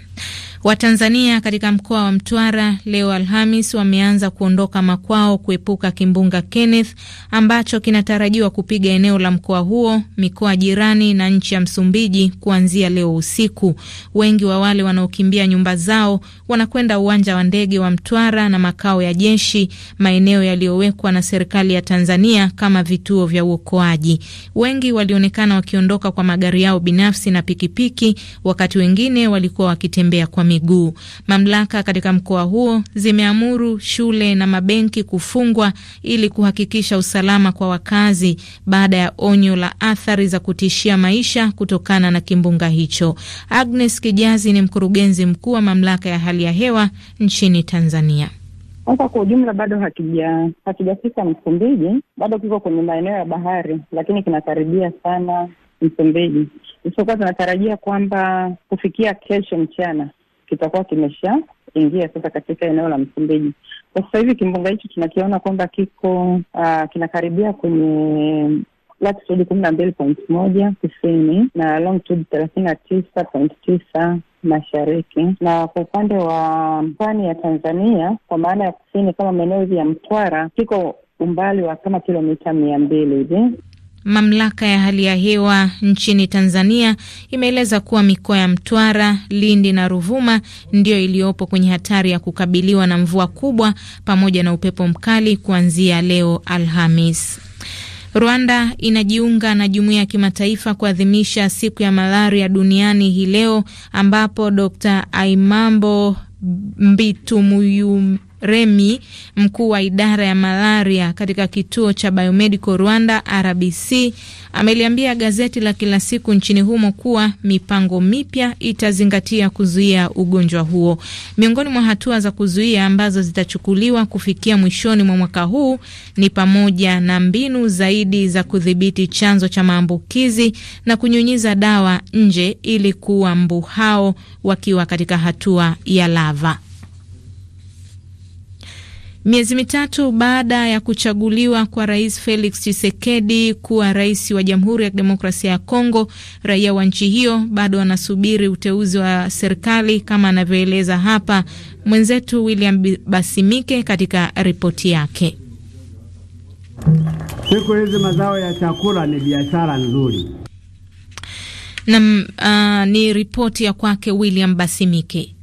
Watanzania katika mkoa wa Mtwara leo Alhamis wameanza kuondoka makwao kuepuka kimbunga Kenneth ambacho kinatarajiwa kupiga eneo la mkoa huo, mikoa jirani na nchi ya Msumbiji kuanzia leo usiku. Wengi wa wale wanaokimbia nyumba zao wanakwenda uwanja wa ndege wa Mtwara na makao ya jeshi, maeneo yaliyowekwa na serikali ya Tanzania kama vituo vya uokoaji. Wengi walionekana wakiondoka kwa magari yao binafsi na pikipiki, wakati wengine walikuwa wakitembea kwa miguu miguu. Mamlaka katika mkoa huo zimeamuru shule na mabenki kufungwa ili kuhakikisha usalama kwa wakazi baada ya onyo la athari za kutishia maisha kutokana na kimbunga hicho. Agnes Kijazi ni mkurugenzi mkuu wa mamlaka ya hali ya hewa nchini Tanzania. Sasa kwa ujumla bado hakija hakijafika Msumbiji, bado kiko kwenye maeneo ya bahari, lakini kinakaribia sana Msumbiji, isipokuwa tunatarajia kwamba kufikia kesho mchana kitakuwa kimeshaingia sasa katika eneo la Msumbiji. Kwa sasa hivi kimbunga hicho tunakiona kwamba kiko uh, kinakaribia kwenye latitude kumi na mbili point moja kusini na longitude thelathini na tisa point tisa mashariki na kwa upande wa pwani ya Tanzania kwa maana ya kusini kama maeneo hivi ya Mtwara kiko umbali wa kama kilomita mia mbili hivi. Mamlaka ya hali ya hewa nchini Tanzania imeeleza kuwa mikoa ya Mtwara, Lindi na Ruvuma ndiyo iliyopo kwenye hatari ya kukabiliwa na mvua kubwa pamoja na upepo mkali kuanzia leo Alhamis. Rwanda inajiunga na jumuiya ya kimataifa kuadhimisha siku ya malaria duniani hii leo ambapo Dr Aimambo mbitumuyu Remi, mkuu wa idara ya malaria katika kituo cha Biomedical Rwanda RBC, ameliambia gazeti la kila siku nchini humo kuwa mipango mipya itazingatia kuzuia ugonjwa huo. Miongoni mwa hatua za kuzuia ambazo zitachukuliwa kufikia mwishoni mwa mwaka huu ni pamoja na mbinu zaidi za kudhibiti chanzo cha maambukizi na kunyunyiza dawa nje ili kuua mbu hao wakiwa katika hatua ya lava. Miezi mitatu baada ya kuchaguliwa kwa Rais Felix Tshisekedi kuwa rais wa Jamhuri ya Kidemokrasia ya Kongo, raia wa nchi hiyo bado wanasubiri uteuzi wa serikali kama anavyoeleza hapa mwenzetu William Basimike katika ripoti yake. Siku hizi mazao ya chakula ni biashara nzuri. Nam, uh, ni ripoti ya kwake William Basimike.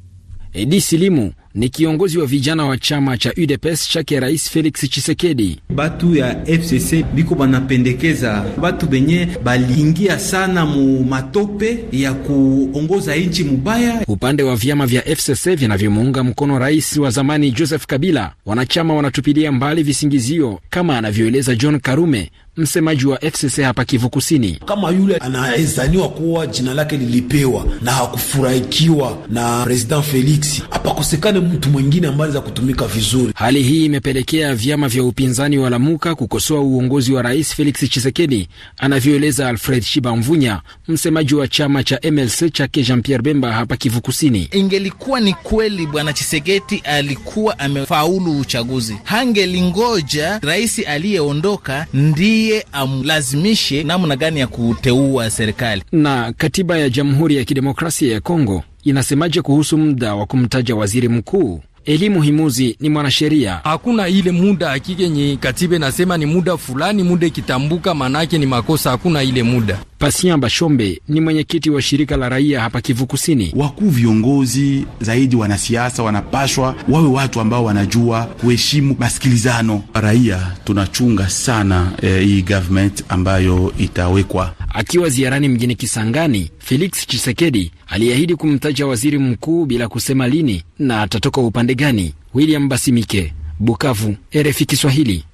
Edi Silimu ni kiongozi wa vijana wa chama cha UDPS chake Rais Felix Chisekedi. Batu ya FCC biko banapendekeza batu benye baliingia sana mu matope ya kuongoza nchi mubaya. Upande wa vyama vya FCC vinavyomuunga mkono rais wa zamani Joseph Kabila, wanachama wanatupilia mbali visingizio kama anavyoeleza John Karume msemaji wa FCC hapa Kivu Kusini. Kama yule anaezaniwa kuwa jina lake lilipewa na hakufurahikiwa na President Felix, hapakosekane mtu mwingine ambaye anaweza kutumika vizuri. Hali hii imepelekea vyama vya upinzani wa Lamuka kukosoa uongozi wa Rais Felix chisekedi anavyoeleza Alfred Shibamvunya, msemaji wa chama cha MLC chake Jean Pierre Bemba hapa Kivu Kusini. Ingelikuwa ni kweli bwana chisekedi alikuwa amefaulu uchaguzi, hangelingoja rais aliyeondoka ndi ndiye amlazimishe namna gani ya kuteua serikali. Na katiba ya Jamhuri ya Kidemokrasia ya Kongo inasemaje kuhusu muda wa kumtaja waziri mkuu? Elimu Himuzi ni mwanasheria. Hakuna ile muda nye katibe nasema ni muda fulani, muda ikitambuka manake ni makosa, hakuna ile muda. Pasian Bashombe ni mwenyekiti wa shirika la raia hapa Kivu Kusini. Wakuu viongozi zaidi wanasiasa wanapashwa wawe watu ambao wanajua kuheshimu masikilizano. Raia tunachunga sana eh, hii government ambayo itawekwa Akiwa ziarani mjini Kisangani, Felix chisekedi aliahidi kumtaja waziri mkuu bila kusema lini na atatoka upande gani. William Basimike, Bukavu, RFI Kiswahili.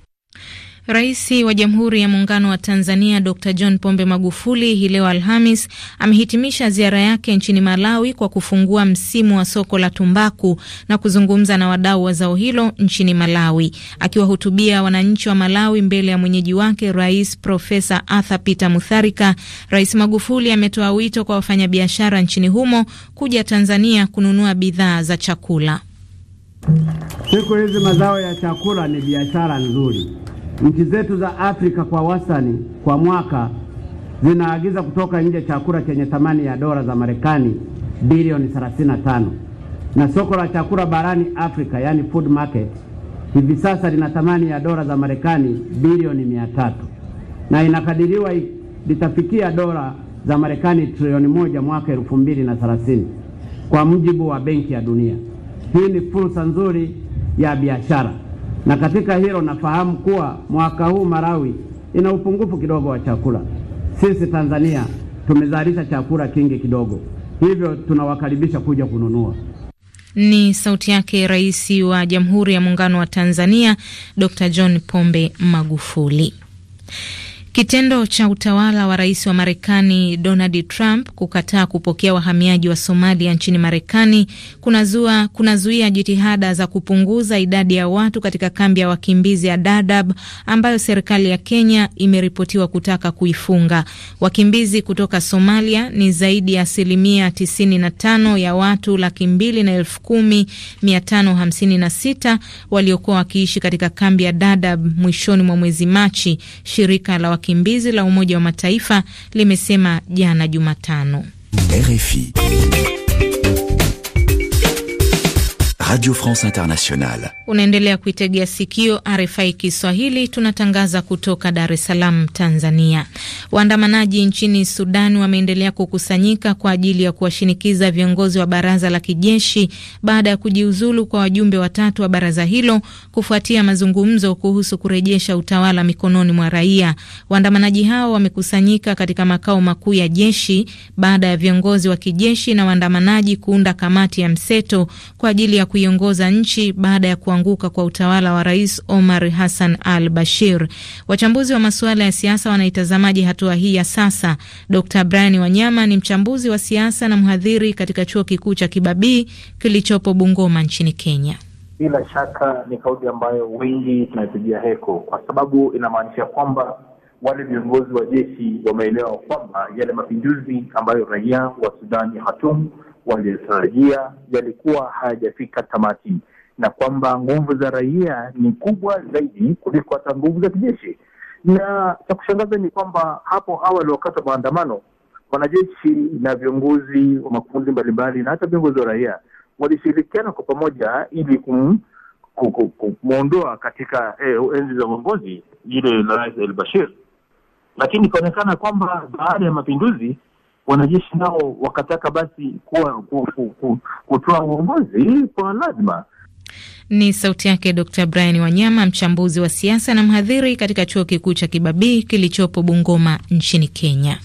Rais wa Jamhuri ya Muungano wa Tanzania Dr John Pombe Magufuli hii leo Alhamis amehitimisha ziara yake nchini Malawi kwa kufungua msimu wa soko la tumbaku na kuzungumza na wadau wa zao hilo nchini Malawi. Akiwahutubia wananchi wa Malawi mbele ya mwenyeji wake Rais Profesa Arthur Peter Mutharika, Rais Magufuli ametoa wito kwa wafanyabiashara nchini humo kuja Tanzania kununua bidhaa za chakula. Siku hizi mazao ya chakula ni biashara nzuri Nchi zetu za Afrika kwa wastani kwa mwaka zinaagiza kutoka nje chakula chenye thamani ya dola za Marekani bilioni 35 na soko la chakula barani Afrika yani food market hivi sasa lina thamani ya dola za Marekani bilioni tatu na inakadiriwa litafikia dola za Marekani trilioni moja mwaka elfu mbili na thelathini kwa mujibu wa Benki ya Dunia. Hii ni fursa nzuri ya biashara. Na katika hilo nafahamu kuwa mwaka huu Malawi ina upungufu kidogo wa chakula. Sisi Tanzania tumezalisha chakula kingi kidogo, hivyo tunawakaribisha kuja kununua. Ni sauti yake Rais wa Jamhuri ya Muungano wa Tanzania Dr. John Pombe Magufuli. Kitendo cha utawala wa rais wa Marekani Donald Trump kukataa kupokea wahamiaji wa Somalia nchini Marekani kunazuia kuna jitihada za kupunguza idadi ya watu katika kambi ya wakimbizi ya Dadaab ambayo serikali ya Kenya imeripotiwa kutaka kuifunga. Wakimbizi kutoka Somalia ni zaidi ya asilimia 95 ya watu laki mbili na elfu kumi mia tano hamsini na sita waliokuwa wakiishi katika kambi ya Dadaab mwishoni mwa mwezi Machi, shirika la wakimbizi la Umoja wa Mataifa limesema jana Jumatano. RFI. Radio France Internationale. Unaendelea kuitegea sikio RFI Kiswahili, tunatangaza kutoka Dar es Salaam, Tanzania. Waandamanaji nchini Sudan wameendelea kukusanyika kwa ajili ya kuwashinikiza viongozi wa baraza la kijeshi baada ya kujiuzulu kwa wajumbe watatu wa baraza hilo kufuatia mazungumzo kuhusu kurejesha utawala mikononi mwa raia. Waandamanaji hao wamekusanyika katika makao makuu ya jeshi baada ya viongozi wa kijeshi na waandamanaji kuunda kamati ya mseto kwa ajili ya kuiongoza nchi baada ya kuanguka kwa utawala wa Rais Omar Hassan al Bashir. Wachambuzi wa masuala ya siasa wanaitazamaje hatua hii ya sasa? Dr Brian Wanyama ni mchambuzi wa siasa na mhadhiri katika chuo kikuu cha Kibabii kilichopo Bungoma nchini Kenya. Bila shaka ni kauli ambayo wengi tunaipigia heko, kwa sababu inamaanisha kwamba wale viongozi wa jeshi wameelewa kwamba yale mapinduzi ambayo raia wa Sudani Hatumu waliotarajia yalikuwa hayajafika tamati, na kwamba nguvu za raia ni kubwa zaidi kuliko hata nguvu za kijeshi. Na cha kushangaza ni kwamba hapo awali, wakati wa maandamano, wanajeshi na viongozi wa makundi mbalimbali na hata viongozi wa raia walishirikiana kwa pamoja ili kumwondoa katika eh, enzi za uongozi ile la Rais El Bashir, lakini ikaonekana kwamba baada ya mapinduzi wanajeshi nao wakataka basi kuwa kutoa uongozi kwa lazima. Ni sauti yake Dr Brian Wanyama, mchambuzi wa siasa na mhadhiri katika chuo kikuu cha Kibabii kilichopo Bungoma nchini Kenya.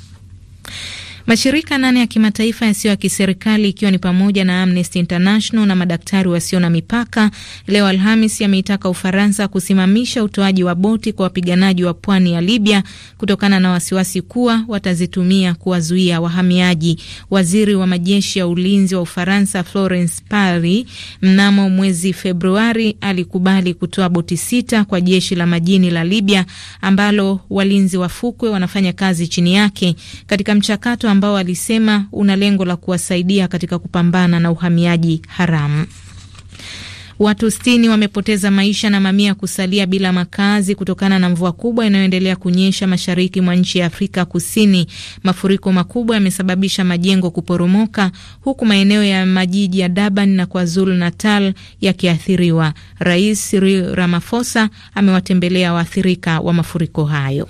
Mashirika nane ya kimataifa yasiyo ya kiserikali ikiwa ni pamoja na Amnesty International na madaktari wasio na mipaka leo Alhamis yameitaka Ufaransa kusimamisha utoaji wa boti kwa wapiganaji wa pwani ya Libya kutokana na wasiwasi kuwa watazitumia kuwazuia wahamiaji. Waziri wa majeshi ya ulinzi wa Ufaransa Florence Parly mnamo mwezi Februari alikubali kutoa boti sita kwa jeshi la majini la Libya ambalo walinzi wa fukwe wanafanya kazi chini yake katika mchakato ambao alisema una lengo la kuwasaidia katika kupambana na uhamiaji haramu. Watu sitini wamepoteza maisha na mamia kusalia bila makazi kutokana na mvua kubwa inayoendelea kunyesha mashariki mwa nchi ya Afrika Kusini. Mafuriko makubwa yamesababisha majengo kuporomoka huku maeneo ya majiji ya Durban na KwaZulu Natal yakiathiriwa. Rais Cyril Ramaphosa amewatembelea waathirika wa mafuriko hayo.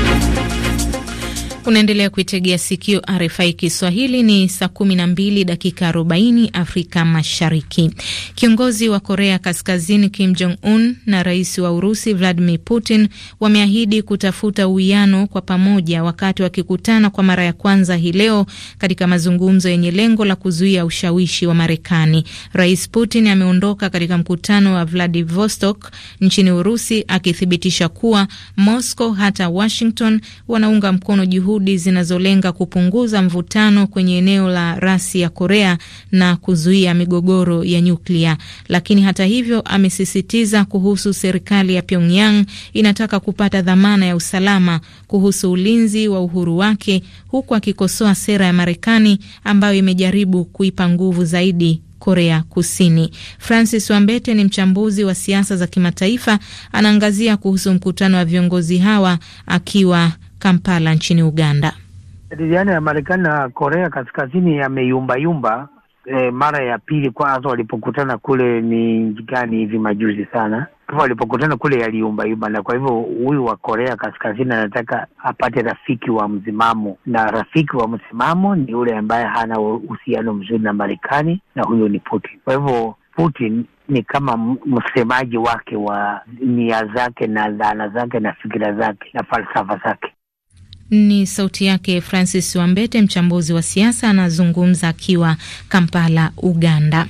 Unaendelea kuitegea sikio RFI Kiswahili. Ni saa 12 dakika arobaini Afrika Mashariki. Kiongozi wa Korea Kaskazini Kim Jong Un na rais wa Urusi Vladimir Putin wameahidi kutafuta uwiano kwa pamoja wakati wakikutana kwa mara ya kwanza hii leo katika mazungumzo yenye lengo la kuzuia ushawishi wa Marekani. Rais Putin ameondoka katika mkutano wa Vladivostok nchini Urusi akithibitisha kuwa Moscow hata Washington wanaunga mkono juhudi juhudi zinazolenga kupunguza mvutano kwenye eneo la rasi ya Korea na kuzuia migogoro ya nyuklia. Lakini hata hivyo, amesisitiza kuhusu serikali ya Pyongyang inataka kupata dhamana ya usalama kuhusu ulinzi wa uhuru wake, huku akikosoa sera ya Marekani ambayo imejaribu kuipa nguvu zaidi Korea Kusini. Francis Wambete ni mchambuzi wa siasa za kimataifa, anaangazia kuhusu mkutano wa viongozi hawa akiwa Kampala nchini Uganda. Majadiliano ya Marekani na Korea Kaskazini yameyumbayumba eh, mara ya pili kwanza walipokutana kule ni gani hivi majuzi sana walipokutana kule yaliyumbayumba na kwa hivyo huyu wa Korea Kaskazini anataka apate rafiki wa msimamo, na rafiki wa msimamo ni yule ambaye hana uhusiano mzuri na Marekani, na huyo ni Putin. Kwa hivyo Putin ni kama msemaji wake wa nia zake na dhana zake na fikira zake na falsafa zake. Ni sauti yake Francis Wambete, mchambuzi wa siasa, anazungumza akiwa Kampala, Uganda.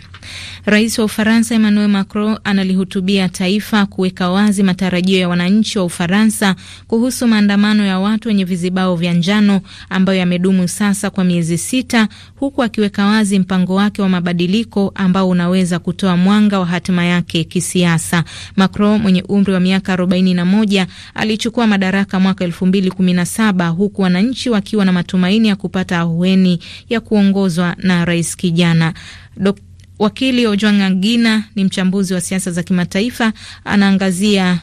Rais wa Ufaransa Emmanuel Macron analihutubia taifa kuweka wazi matarajio ya wananchi wa Ufaransa kuhusu maandamano ya watu wenye vizibao vya njano ambayo yamedumu sasa kwa miezi sita, huku akiweka wazi mpango wake wa mabadiliko ambao unaweza kutoa mwanga wa hatima yake kisiasa. Macron mwenye umri wa miaka 41 alichukua madaraka mwaka 2017 huku wananchi wakiwa na matumaini ya kupata ahueni ya kuongozwa na rais kijana Dok Wakili Ojwang ni mchambuzi wa siasa za kimataifa, anaangazia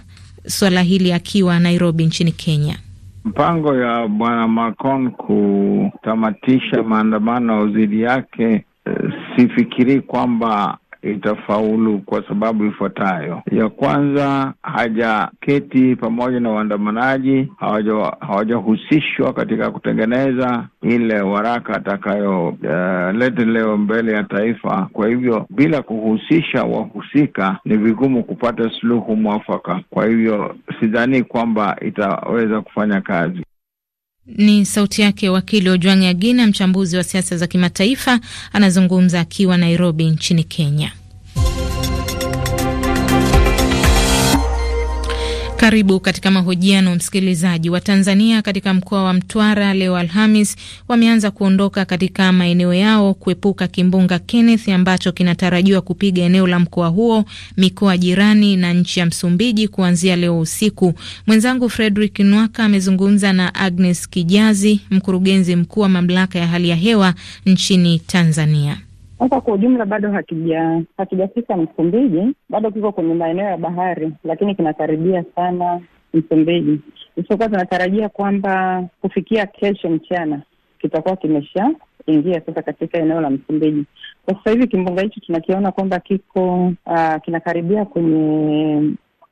swala hili akiwa Nairobi nchini Kenya. Mpango ya bwana Macron kutamatisha maandamano dhidi yake, eh, sifikiri kwamba itafaulu kwa sababu ifuatayo. Ya kwanza, hajaketi pamoja na waandamanaji, hawajahusishwa katika kutengeneza ile waraka atakayoleta eh, uh, leo mbele ya taifa. Kwa hivyo, bila kuhusisha wahusika ni vigumu kupata suluhu mwafaka. Kwa hivyo, sidhani kwamba itaweza kufanya kazi. Ni sauti yake wakili Ojwang Agina, mchambuzi wa siasa za kimataifa, anazungumza akiwa Nairobi nchini Kenya. Karibu katika mahojiano msikilizaji. Watanzania katika mkoa wa Mtwara leo Alhamis wameanza kuondoka katika maeneo yao kuepuka kimbunga Kenneth ambacho kinatarajiwa kupiga eneo la mkoa huo, mikoa jirani na nchi ya Msumbiji kuanzia leo usiku. Mwenzangu Fredrick Nwaka amezungumza na Agnes Kijazi, mkurugenzi mkuu wa mamlaka ya hali ya hewa nchini Tanzania. Sasa kwa ujumla bado hakija hakijafika Msumbiji, bado kiko kwenye maeneo ya bahari, lakini kinakaribia sana Msumbiji, isipokuwa tunatarajia kwamba kufikia kesho mchana kitakuwa kimeshaingia sasa katika eneo la Msumbiji. Kwa sasa hivi kimbunga hicho tunakiona kwamba kiko uh, kinakaribia kwenye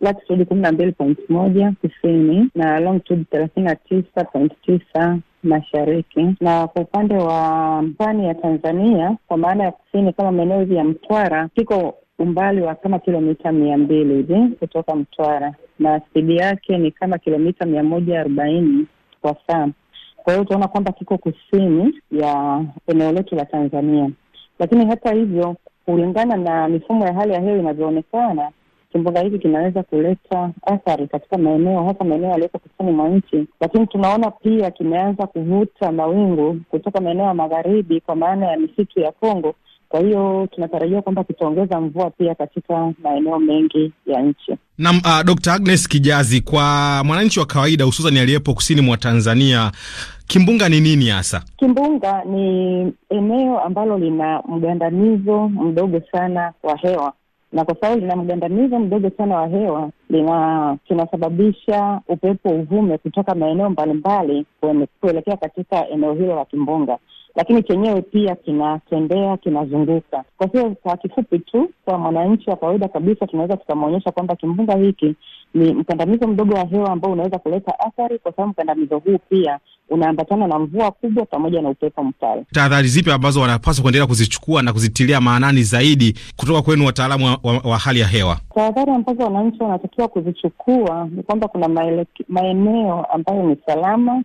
latitude kumi na mbili point moja kusini na longitude thelathini na tisa point tisa Mashariki, na kwa upande wa pwani ya Tanzania kwa maana ya kusini kama maeneo hivi ya Mtwara kiko umbali wa kama kilomita mia mbili hivi kutoka Mtwara, na spidi yake ni kama kilomita mia moja arobaini kwa saa. Kwa hiyo utaona kwamba kiko kusini ya eneo letu la Tanzania, lakini hata hivyo, kulingana na mifumo ya hali ya hewa inavyoonekana kimbunga hiki kinaweza kuleta athari katika maeneo hasa maeneo yaliyoko kusini mwa nchi, lakini tunaona pia kimeanza kuvuta mawingu kutoka maeneo ya magharibi kwa maana ya misitu ya Kongo. Kwa hiyo tunatarajia kwamba kitaongeza mvua pia katika maeneo mengi ya nchi. Naam, uh, ah, Dr. Agnes Kijazi, kwa mwananchi wa kawaida hususan aliyepo kusini mwa Tanzania, kimbunga ni nini hasa? Kimbunga ni eneo ambalo lina mgandamizo mdogo sana wa hewa na kwa sababu lina mgandamizo mdogo sana wa hewa lina kinasababisha upepo uvume kutoka maeneo mbalimbali kuelekea katika eneo hilo la kimbunga lakini chenyewe pia kinatembea, kinazunguka. Kwa hiyo kwa kifupi tu, kwa mwananchi wa kawaida kabisa, tunaweza tukamwonyesha kwamba kimbunga hiki ni mkandamizo mdogo wa hewa ambao unaweza kuleta athari, kwa sababu mkandamizo huu pia unaambatana na mvua kubwa pamoja na upepo mkali. Tahadhari zipi ambazo wanapaswa kuendelea kuzichukua na kuzitilia maanani zaidi kutoka kwenu wataalamu wa, wa, wa hali ya hewa? Tahadhari ambazo wananchi wanatakiwa kuzichukua ni kwamba kuna maele, maeneo ambayo ni salama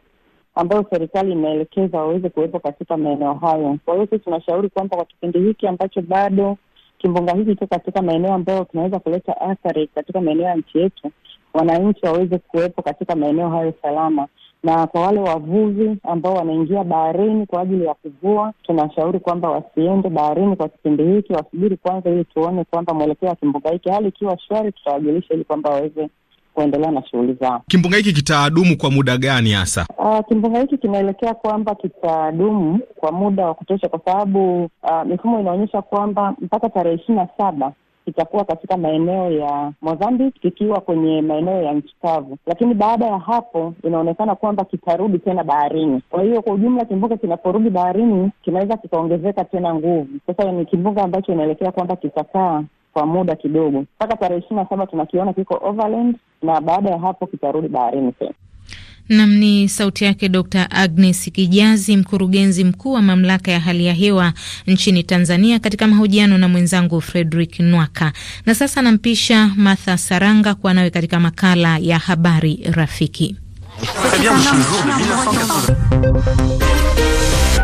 ambayo serikali imeelekeza waweze kuwepo katika maeneo hayo. Kwa hiyo sisi tunashauri kwamba kwa kipindi hiki ambacho bado kimbunga hiki kiko katika maeneo ambayo kinaweza kuleta athari katika maeneo ya nchi yetu, wananchi waweze kuwepo katika maeneo hayo salama na kwa wale wavuvi ambao wanaingia baharini kwa ajili ya kuvua, tunashauri kwamba wasiende baharini kwa kipindi hiki, wasubiri kwanza, ili tuone kwamba mwelekeo wa kimbunga hiki, hali ikiwa shwari, tutawajulisha ili kwamba waweze kuendelea na shughuli zao. Kimbunga hiki kitaadumu kwa muda gani hasa? Uh, kimbunga hiki kinaelekea kwamba kitaadumu kwa muda wa kutosha, kwa sababu uh, mifumo inaonyesha kwamba mpaka tarehe ishirini na saba kitakuwa katika maeneo ya Mozambique kikiwa kwenye maeneo ya nchi kavu, lakini baada ya hapo inaonekana kwamba kitarudi tena baharini. Kwa hiyo kwa ujumla, kimbunga kinaporudi baharini kinaweza kikaongezeka tena nguvu. Sasa ni kimbunga ambacho inaelekea kwamba kitakaa kwa muda kidogo mpaka tarehe ishirini na saba tunakiona kiko overland na baada ya hapo kitarudi baharini tena. Nam ni sauti yake Dr Agnes Kijazi, mkurugenzi mkuu wa mamlaka ya hali ya hewa nchini Tanzania, katika mahojiano na mwenzangu Frederick Nwaka. Na sasa nampisha Martha Saranga kuwa nawe katika makala ya habari rafiki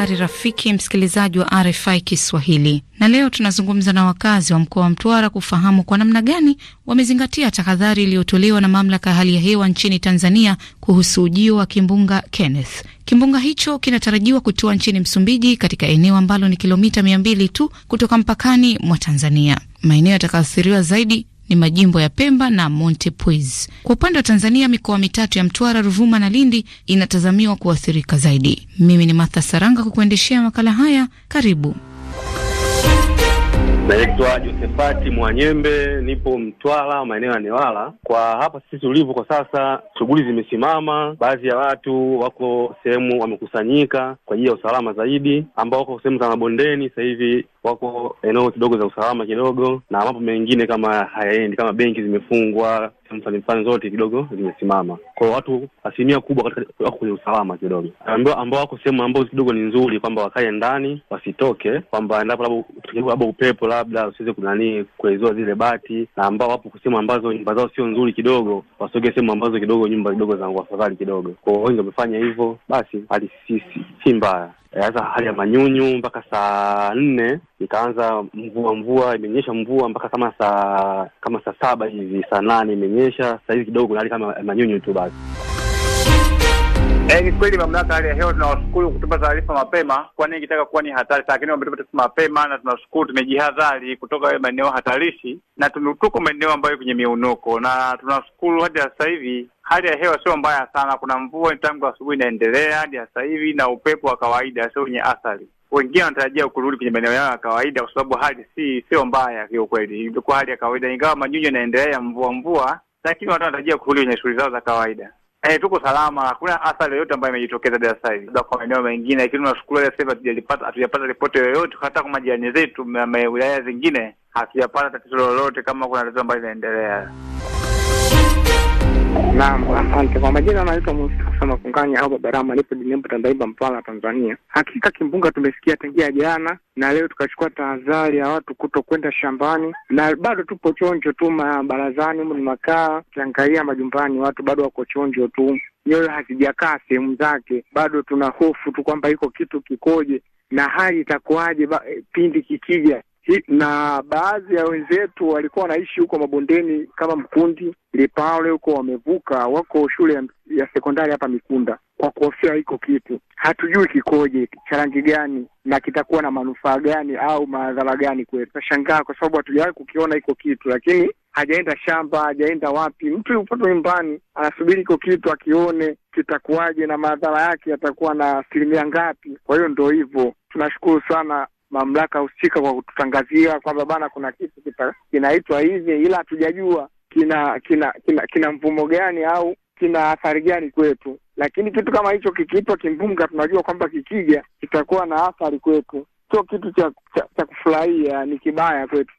Habari rafiki msikilizaji wa RFI Kiswahili, na leo tunazungumza na wakazi wa mkoa wa Mtwara kufahamu kwa namna gani wamezingatia tahadhari iliyotolewa na mamlaka ya hali ya hewa nchini Tanzania kuhusu ujio wa kimbunga Kenneth. Kimbunga hicho kinatarajiwa kutua nchini Msumbiji katika eneo ambalo ni kilomita mia mbili tu kutoka mpakani mwa Tanzania. Maeneo yatakayoathiriwa zaidi ni majimbo ya Pemba na Montepuez. Kwa upande wa Tanzania, mikoa mitatu ya Mtwara, Ruvuma na Lindi inatazamiwa kuathirika zaidi. Mimi ni Martha Saranga kwa kuendeshea makala haya, karibu. Naitwa Josefati Mwanyembe, nipo Mtwara, maeneo ya Newala. Kwa hapa sisi tulivyo kwa sasa, shughuli zimesimama. Baadhi ya watu wako sehemu wamekusanyika kwa ajili ya usalama zaidi, ambao wako sehemu za mabondeni. Sasa hivi wako eneo kidogo za usalama kidogo, na mambo mengine kama hayaendi, kama benki zimefungwa mfani zote kidogo zimesimama. Kwa watu asilimia kubwa katika wako kwenye usalama kidogo, ambao amba wako sehemu ambazo kidogo ni nzuri, kwamba wakae ndani wasitoke, kwamba endapo labda upepo labda usiweze kunanii kuezoa zile bati, na ambao wapo sehemu ambazo nyumba zao sio nzuri kidogo, wasoge sehemu ambazo kidogo nyumba kidogo za afadhali kidogo. kwao wengi wamefanya hivyo, basi hali si mbaya yaanza hali ya manyunyu mpaka saa nne ikaanza mvua mvua, imenyesha mvua mpaka kama saa kama saa saba hivi saa nane imenyesha. Saa hizi kidogo hali kama manyunyu tu basi. Eh, ni kweli mamlaka hali ya hewa tunawashukuru kutupa taarifa mapema, kwani ikitaka kuwa ni hatari, lakini wametupa taarifa mapema na tunashukuru. Tumejihadhari kutoka hayo maeneo hatarishi na tuko maeneo ambayo kwenye miunuko, na tunashukuru hadi sasa hivi hali ya hewa sio mbaya sana. Kuna mvua tangu asubuhi inaendelea hadi sasa hivi na upepo wa kawaida, sio wenye athari. Wengine wanatarajia kurudi kwenye maeneo yao ya kawaida, kwa sababu hali si sio mbaya kiukweli, ilikuwa hali ya kawaida, ingawa manyunyu yanaendelea ya mvua mvua, lakini watu wanatarajia kurudi kwenye shughuli zao za kawaida. E, tuko salama, hakuna athari yoyote ambayo imejitokeza sasa hivi kwa maeneo mengine, lakini tunashukuru hatujapata hatujapata ripoti yoyote hata kwa majirani zetu wilaya zingine, hatujapata tatizo lolote kama kuna tatizo ambayo inaendelea. Naam, asante kwa majina. Anaitwa Mustafa Makunganya au Babarama, nipo Dinembo, Tandaiba, Mtwara, Tanzania. Hakika kimbunga tumesikia tangia jana na leo tukachukua tahadhari ya watu kuto kwenda shambani, na bado tupo chonjo tu mabarazani, mni makaa, ukiangalia majumbani watu bado wako chonjo tu, nyoyo hazijakaa sehemu zake, bado tuna hofu tu kwamba iko kitu kikoje na hali itakuwaje eh, pindi kikija na baadhi ya wenzetu walikuwa wanaishi huko mabondeni kama Mkundi, Lipale huko wamevuka, wako shule ya, ya sekondari hapa Mikunda. Kwa kuhofia hiko kitu, hatujui kikoje, cha rangi gani na kitakuwa na manufaa gani au madhara gani kwetu. Tashangaa kwa sababu hatujawahi kukiona hiko kitu, lakini hajaenda shamba, hajaenda wapi. Mtu yupo nyumbani anasubiri iko kitu akione kitakuwaje na madhara yake yatakuwa na asilimia ngapi. Kwa hiyo ndo hivyo, tunashukuru sana mamlaka husika kwa kututangazia kwamba bana, kuna kitu kinaitwa hivi, ila hatujajua kina kina kina kina mvumo gani au kina athari gani kwetu. Lakini kitu kama hicho kikiitwa kimbunga, tunajua kwamba kikija kitakuwa na athari kwetu, sio kitu cha, cha, cha kufurahia, ni kibaya kwetu.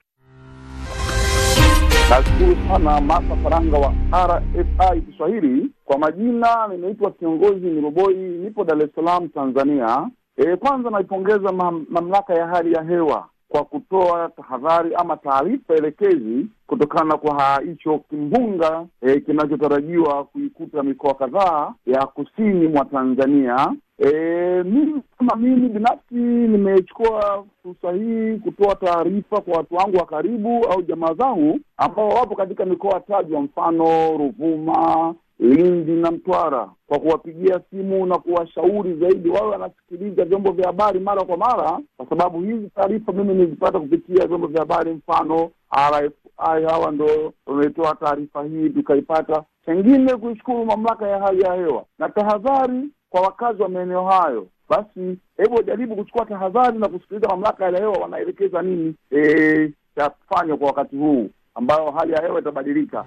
Nashukuru sana Masa Faranga wa RFI Kiswahili. Kwa majina, ninaitwa kiongozi Miroboi, nipo Dar es Salaam, Tanzania. E, kwanza naipongeza mam, mamlaka ya hali ya hewa kwa kutoa tahadhari ama taarifa elekezi kutokana kwa hicho kimbunga e, kinachotarajiwa kuikuta mikoa kadhaa ya kusini mwa Tanzania. E, mimi kama mimi binafsi nimechukua fursa hii kutoa taarifa kwa watu wangu wa karibu au jamaa zangu ambao wapo katika mikoa tajwa, mfano Ruvuma, Lindi na Mtwara kwa kuwapigia simu na kuwashauri zaidi wawe wanasikiliza vyombo vya habari mara kwa mara, kwa sababu hizi taarifa mimi nilizipata kupitia vyombo vya habari, mfano RFI, hawa ndo wametoa taarifa hii tukaipata. Chengine kuishukuru mamlaka ya hali ya hewa na tahadhari kwa wakazi wa maeneo hayo. Basi hebu wajaribu kuchukua tahadhari na kusikiliza mamlaka ya hali ya hewa wanaelekeza nini, e, eh, kufanywa kwa wakati huu ambayo hali ya hewa itabadilika.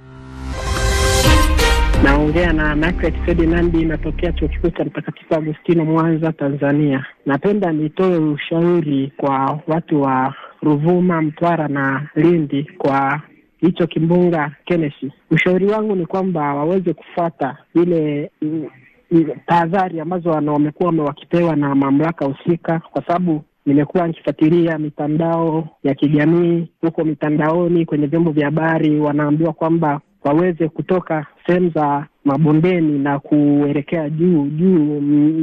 Naongea na Margaret Ferdinandi, inatokea chuo kikuu cha Mtakatifu Agustino Mwanza, Tanzania. Napenda nitoe ushauri kwa watu wa Ruvuma, Mtwara na Lindi kwa hicho kimbunga Kenesi. Ushauri wangu ni kwamba waweze kufuata ile mm, mm, tahadhari ambazo wamekuwa wakipewa na mamlaka husika, kwa sababu nimekuwa nikifuatilia mitandao ya kijamii huko mitandaoni, kwenye vyombo vya habari, wanaambiwa kwamba waweze kutoka sehemu za mabondeni na kuelekea juu juu,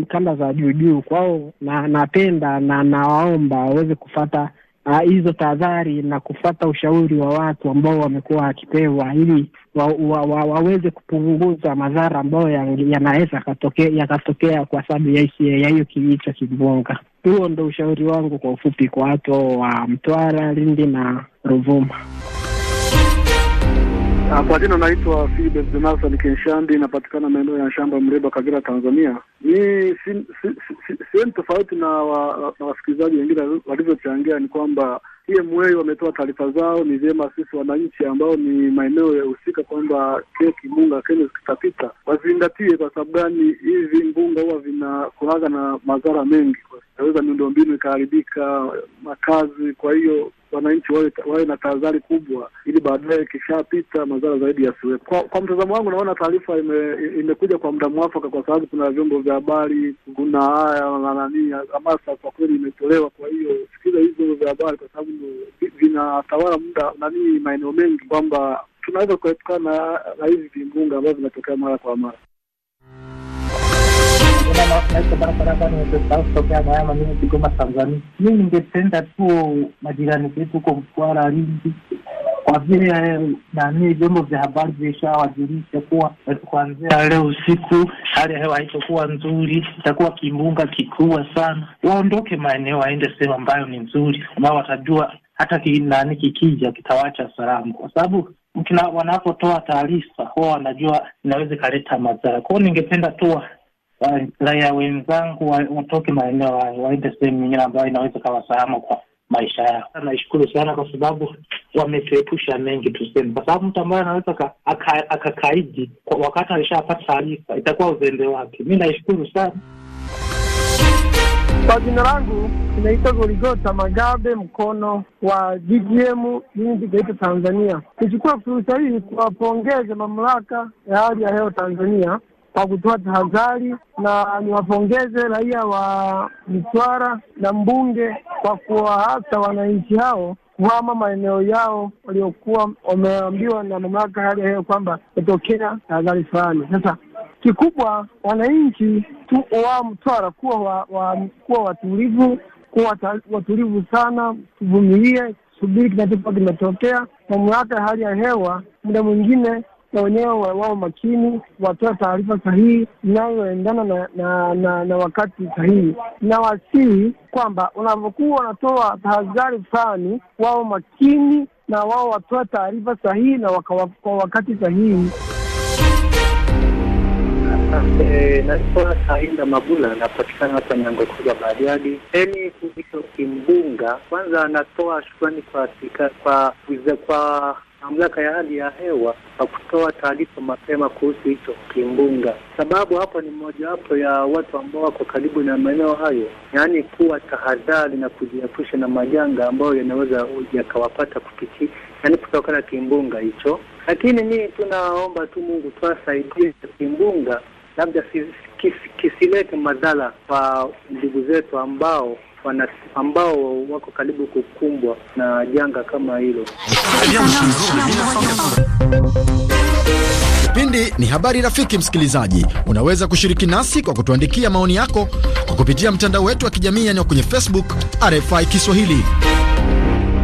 kanda za juu juu kwao, na napenda na nawaomba waweze kufata ah, hizo uh, tahadhari na kufata ushauri wa watu ambao wamekuwa wakipewa ili wa, wa, wa, waweze kupunguza madhara ambayo yanaweza yakatokea kwa sababu ya hiyo kiicho kimbunga. Huo ndo ushauri wangu kwa ufupi kwa watu wa Mtwara, Lindi na Ruvuma. Ah, kwa jina naitwa Philip Jonathan Kenshambi, inapatikana maeneo ya shamba Mreba, Kagera, Tanzania. Ni sehemu si, si, si, si, tofauti na wasikilizaji wengine walivyochangia, ni kwamba TMA wametoa taarifa zao. Ni vyema sisi wananchi ambao ni maeneo ya husika kwamba kile kimbunga kene zikitapita wazingatie, kwa sababu gani hivi mbunga huwa vinakulaga na madhara mengi, naweza miundo mbinu ikaharibika, makazi. Kwa hiyo wananchi wawe na tahadhari kubwa, ili baadaye ikishapita madhara zaidi yasiwepo. Kwa, kwa mtazamo wangu, naona taarifa imekuja kwa muda mwafaka, kwa sababu kuna vyombo vya habari, kuna haya na nani, hamasa kwa kweli imetolewa. Kwa hiyo sikiza hizi vyombo vya habari, kwa sababu vinatawala muda nani maeneo mengi, kwamba tunaweza kuepukana na hivi vimbunga ambavyo vinatokea mara kwa mara naitwa barabara bani tokea mimi Kigoma, Tanzania. Mi ningependa tu majirani zetu huko Mtwara, Lindi, kwa vile nani vyombo vya habari vilishawajulisha kuwa kuanzia leo usiku hali ya hewa haitakuwa nzuri, itakuwa kimbunga kikubwa sana. Waondoke maeneo waende sehemu ambayo ni nzuri, ambao watajua hata kinani kikija kitawacha salamu, kwa sababu wanapotoa taarifa huwa wanajua inaweza ikaleta madhara kwao. Ningependa tu raia wenzangu watoke maeneo hayo waende sehemu nyingine ambayo inaweza kawa salama kwa maisha yao. Naishukuru sana kwa sababu wametuepusha mengi, tuseme, kwa sababu mtu ambaye anaweza akakaidi aka wakati alishapata taarifa itakuwa uzembe wake. Mi naishukuru sana. Kwa jina langu inaitwa Gorigota Magabe Mkono wa GGM Lindi Geita, Tanzania. Nichukua fursa hii kuwapongeza mamlaka ya hali ya hewa Tanzania kwa kutoa tahadhari, na niwapongeze raia wa Mtwara na mbunge kwa kuwahasa wananchi hao kuhama maeneo yao waliokuwa wameambiwa na mamlaka hali ya hewa kwamba kutokea tahadhari fulani. Sasa kikubwa wananchi tu wa Mtwara kuwa wa, wa, kuwa watulivu kuwa watulivu sana, tuvumilie, subiri kinachokuwa kimetokea. Mamlaka ya hali ya hewa muda mwingine na wenyewe wao makini, watoa taarifa sahihi inayoendana na, na, na, na wakati sahihi, na kwamba unavyokuwa wanatoa tahadhari fulani, wao makini na wao watoa taarifa sahihi na wakawa, kwa wakati sahihi. E, naitwa Sahinda Magula, napatikana hapa Nyang'hwekutwa Bariadi. Eni kuhusu kimbunga, kwanza anatoa shukrani kwa kwa kwa mamlaka ya hali ya hewa kwa kutoa taarifa mapema kuhusu hicho kimbunga. Sababu hapo ni mojawapo ya watu ambao wako karibu na maeneo hayo, yaani kuwa tahadhari na kujiepusha na majanga ambayo yanaweza yakawapata kupiti, yaani kutokana na kimbunga hicho. Lakini mii tunaomba tu Mungu tuwasaidie kimbunga, labda kisilete madhara kwa ndugu zetu ambao wana, ambao wako karibu kukumbwa na janga kama hilo. Kipindi ni habari rafiki. Msikilizaji, unaweza kushiriki nasi kwa kutuandikia maoni yako kwa kupitia mtandao wetu wa kijamii yaani kwenye Facebook RFI Kiswahili.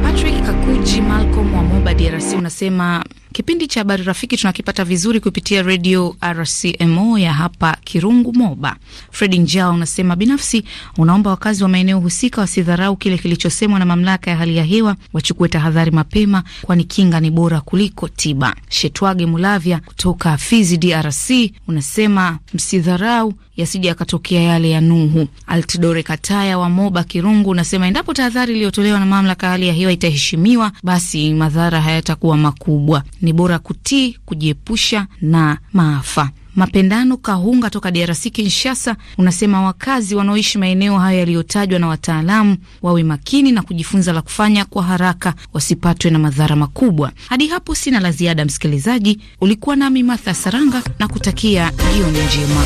Patrick Kakuji Malcolm Buba, DRC, unasema kipindi cha habari rafiki tunakipata vizuri kupitia redio RCMO ya hapa Kirungu, Moba. Fredi Njao unasema binafsi unaomba wakazi wa maeneo husika wasidharau kile kilichosemwa na mamlaka ya hali ya hewa, wachukue tahadhari mapema, kwani kinga ni bora kuliko tiba. Shetwage Mulavya kutoka Fizi, DRC, unasema msidharau yasija yakatokea yale ya Nuhu. Altidore Kataya wa Moba Kirungu unasema endapo tahadhari iliyotolewa na mamlaka ya hali ya hewa itaheshimiwa, basi madhara madhara hayatakuwa makubwa. Ni bora kutii, kujiepusha na maafa. Mapendano Kahunga toka DRC Kinshasa unasema wakazi wanaoishi maeneo hayo yaliyotajwa na wataalamu wawe makini na kujifunza la kufanya kwa haraka, wasipatwe na madhara makubwa. Hadi hapo sina la ziada, msikilizaji. Ulikuwa nami matha Saranga na kutakia jioni njema.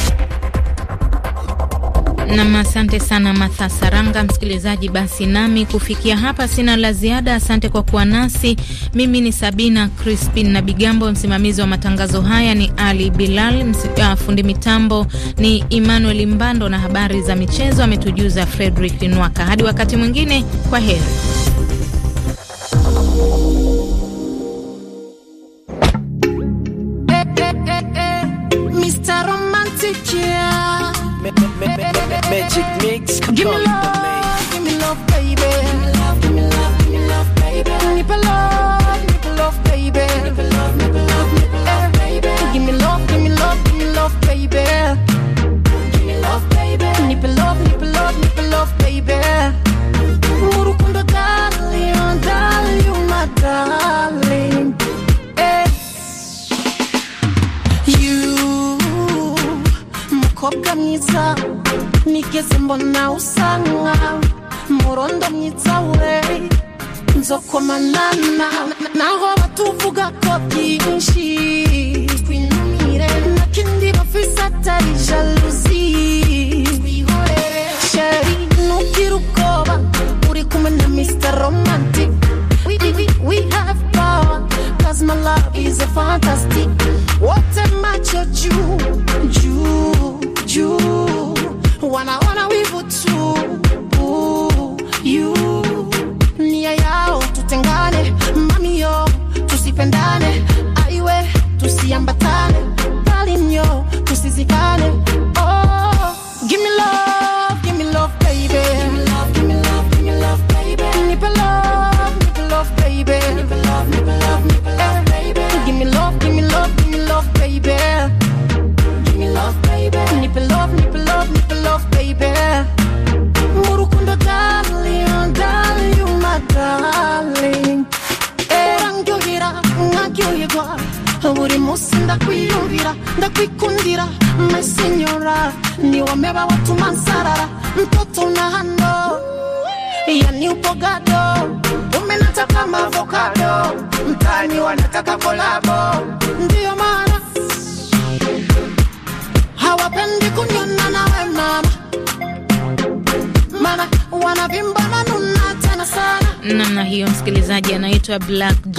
Nam, asante sana matha Saranga. Msikilizaji, basi nami kufikia hapa sina la ziada. Asante kwa kuwa nasi. Mimi ni Sabina Crispin na Bigambo, msimamizi wa matangazo haya ni Ali Bilal, ah, fundi mitambo ni Emmanuel Mbando na habari za michezo ametujuza Frederick Nwaka. Hadi wakati mwingine, kwa heri. Eh, eh, eh, Mr. Romantic, yeah. Magic mix, come give me love, give me love, baby. Give me love, give me love, give me love, baby. Nipple love, nipple love, baby. Nipple love, nipple love, nipple love, baby. Give me love, give me love, give me love, baby. mukobwa mwiza nigeze mbona usanga nkawe murondo mwiza we nzokomanana naho batuvuga ko byinshi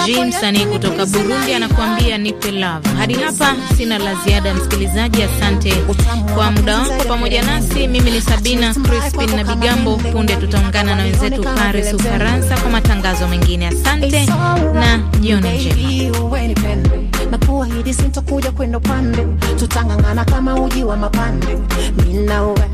Jean msanii kutoka Burundi anakuambia nipe love. Hadi hapa sina la ziada, msikilizaji. Asante kwa muda wako pamoja nasi. Mimi ni Sabina Crispin na Bigambo. Punde tutaungana na wenzetu Paris, Ufaransa, kwa matangazo mengine. Asante na jioni njema. sintokuja kwenda tutang'ang'ana kama uji wa mapande. Mimi na wewe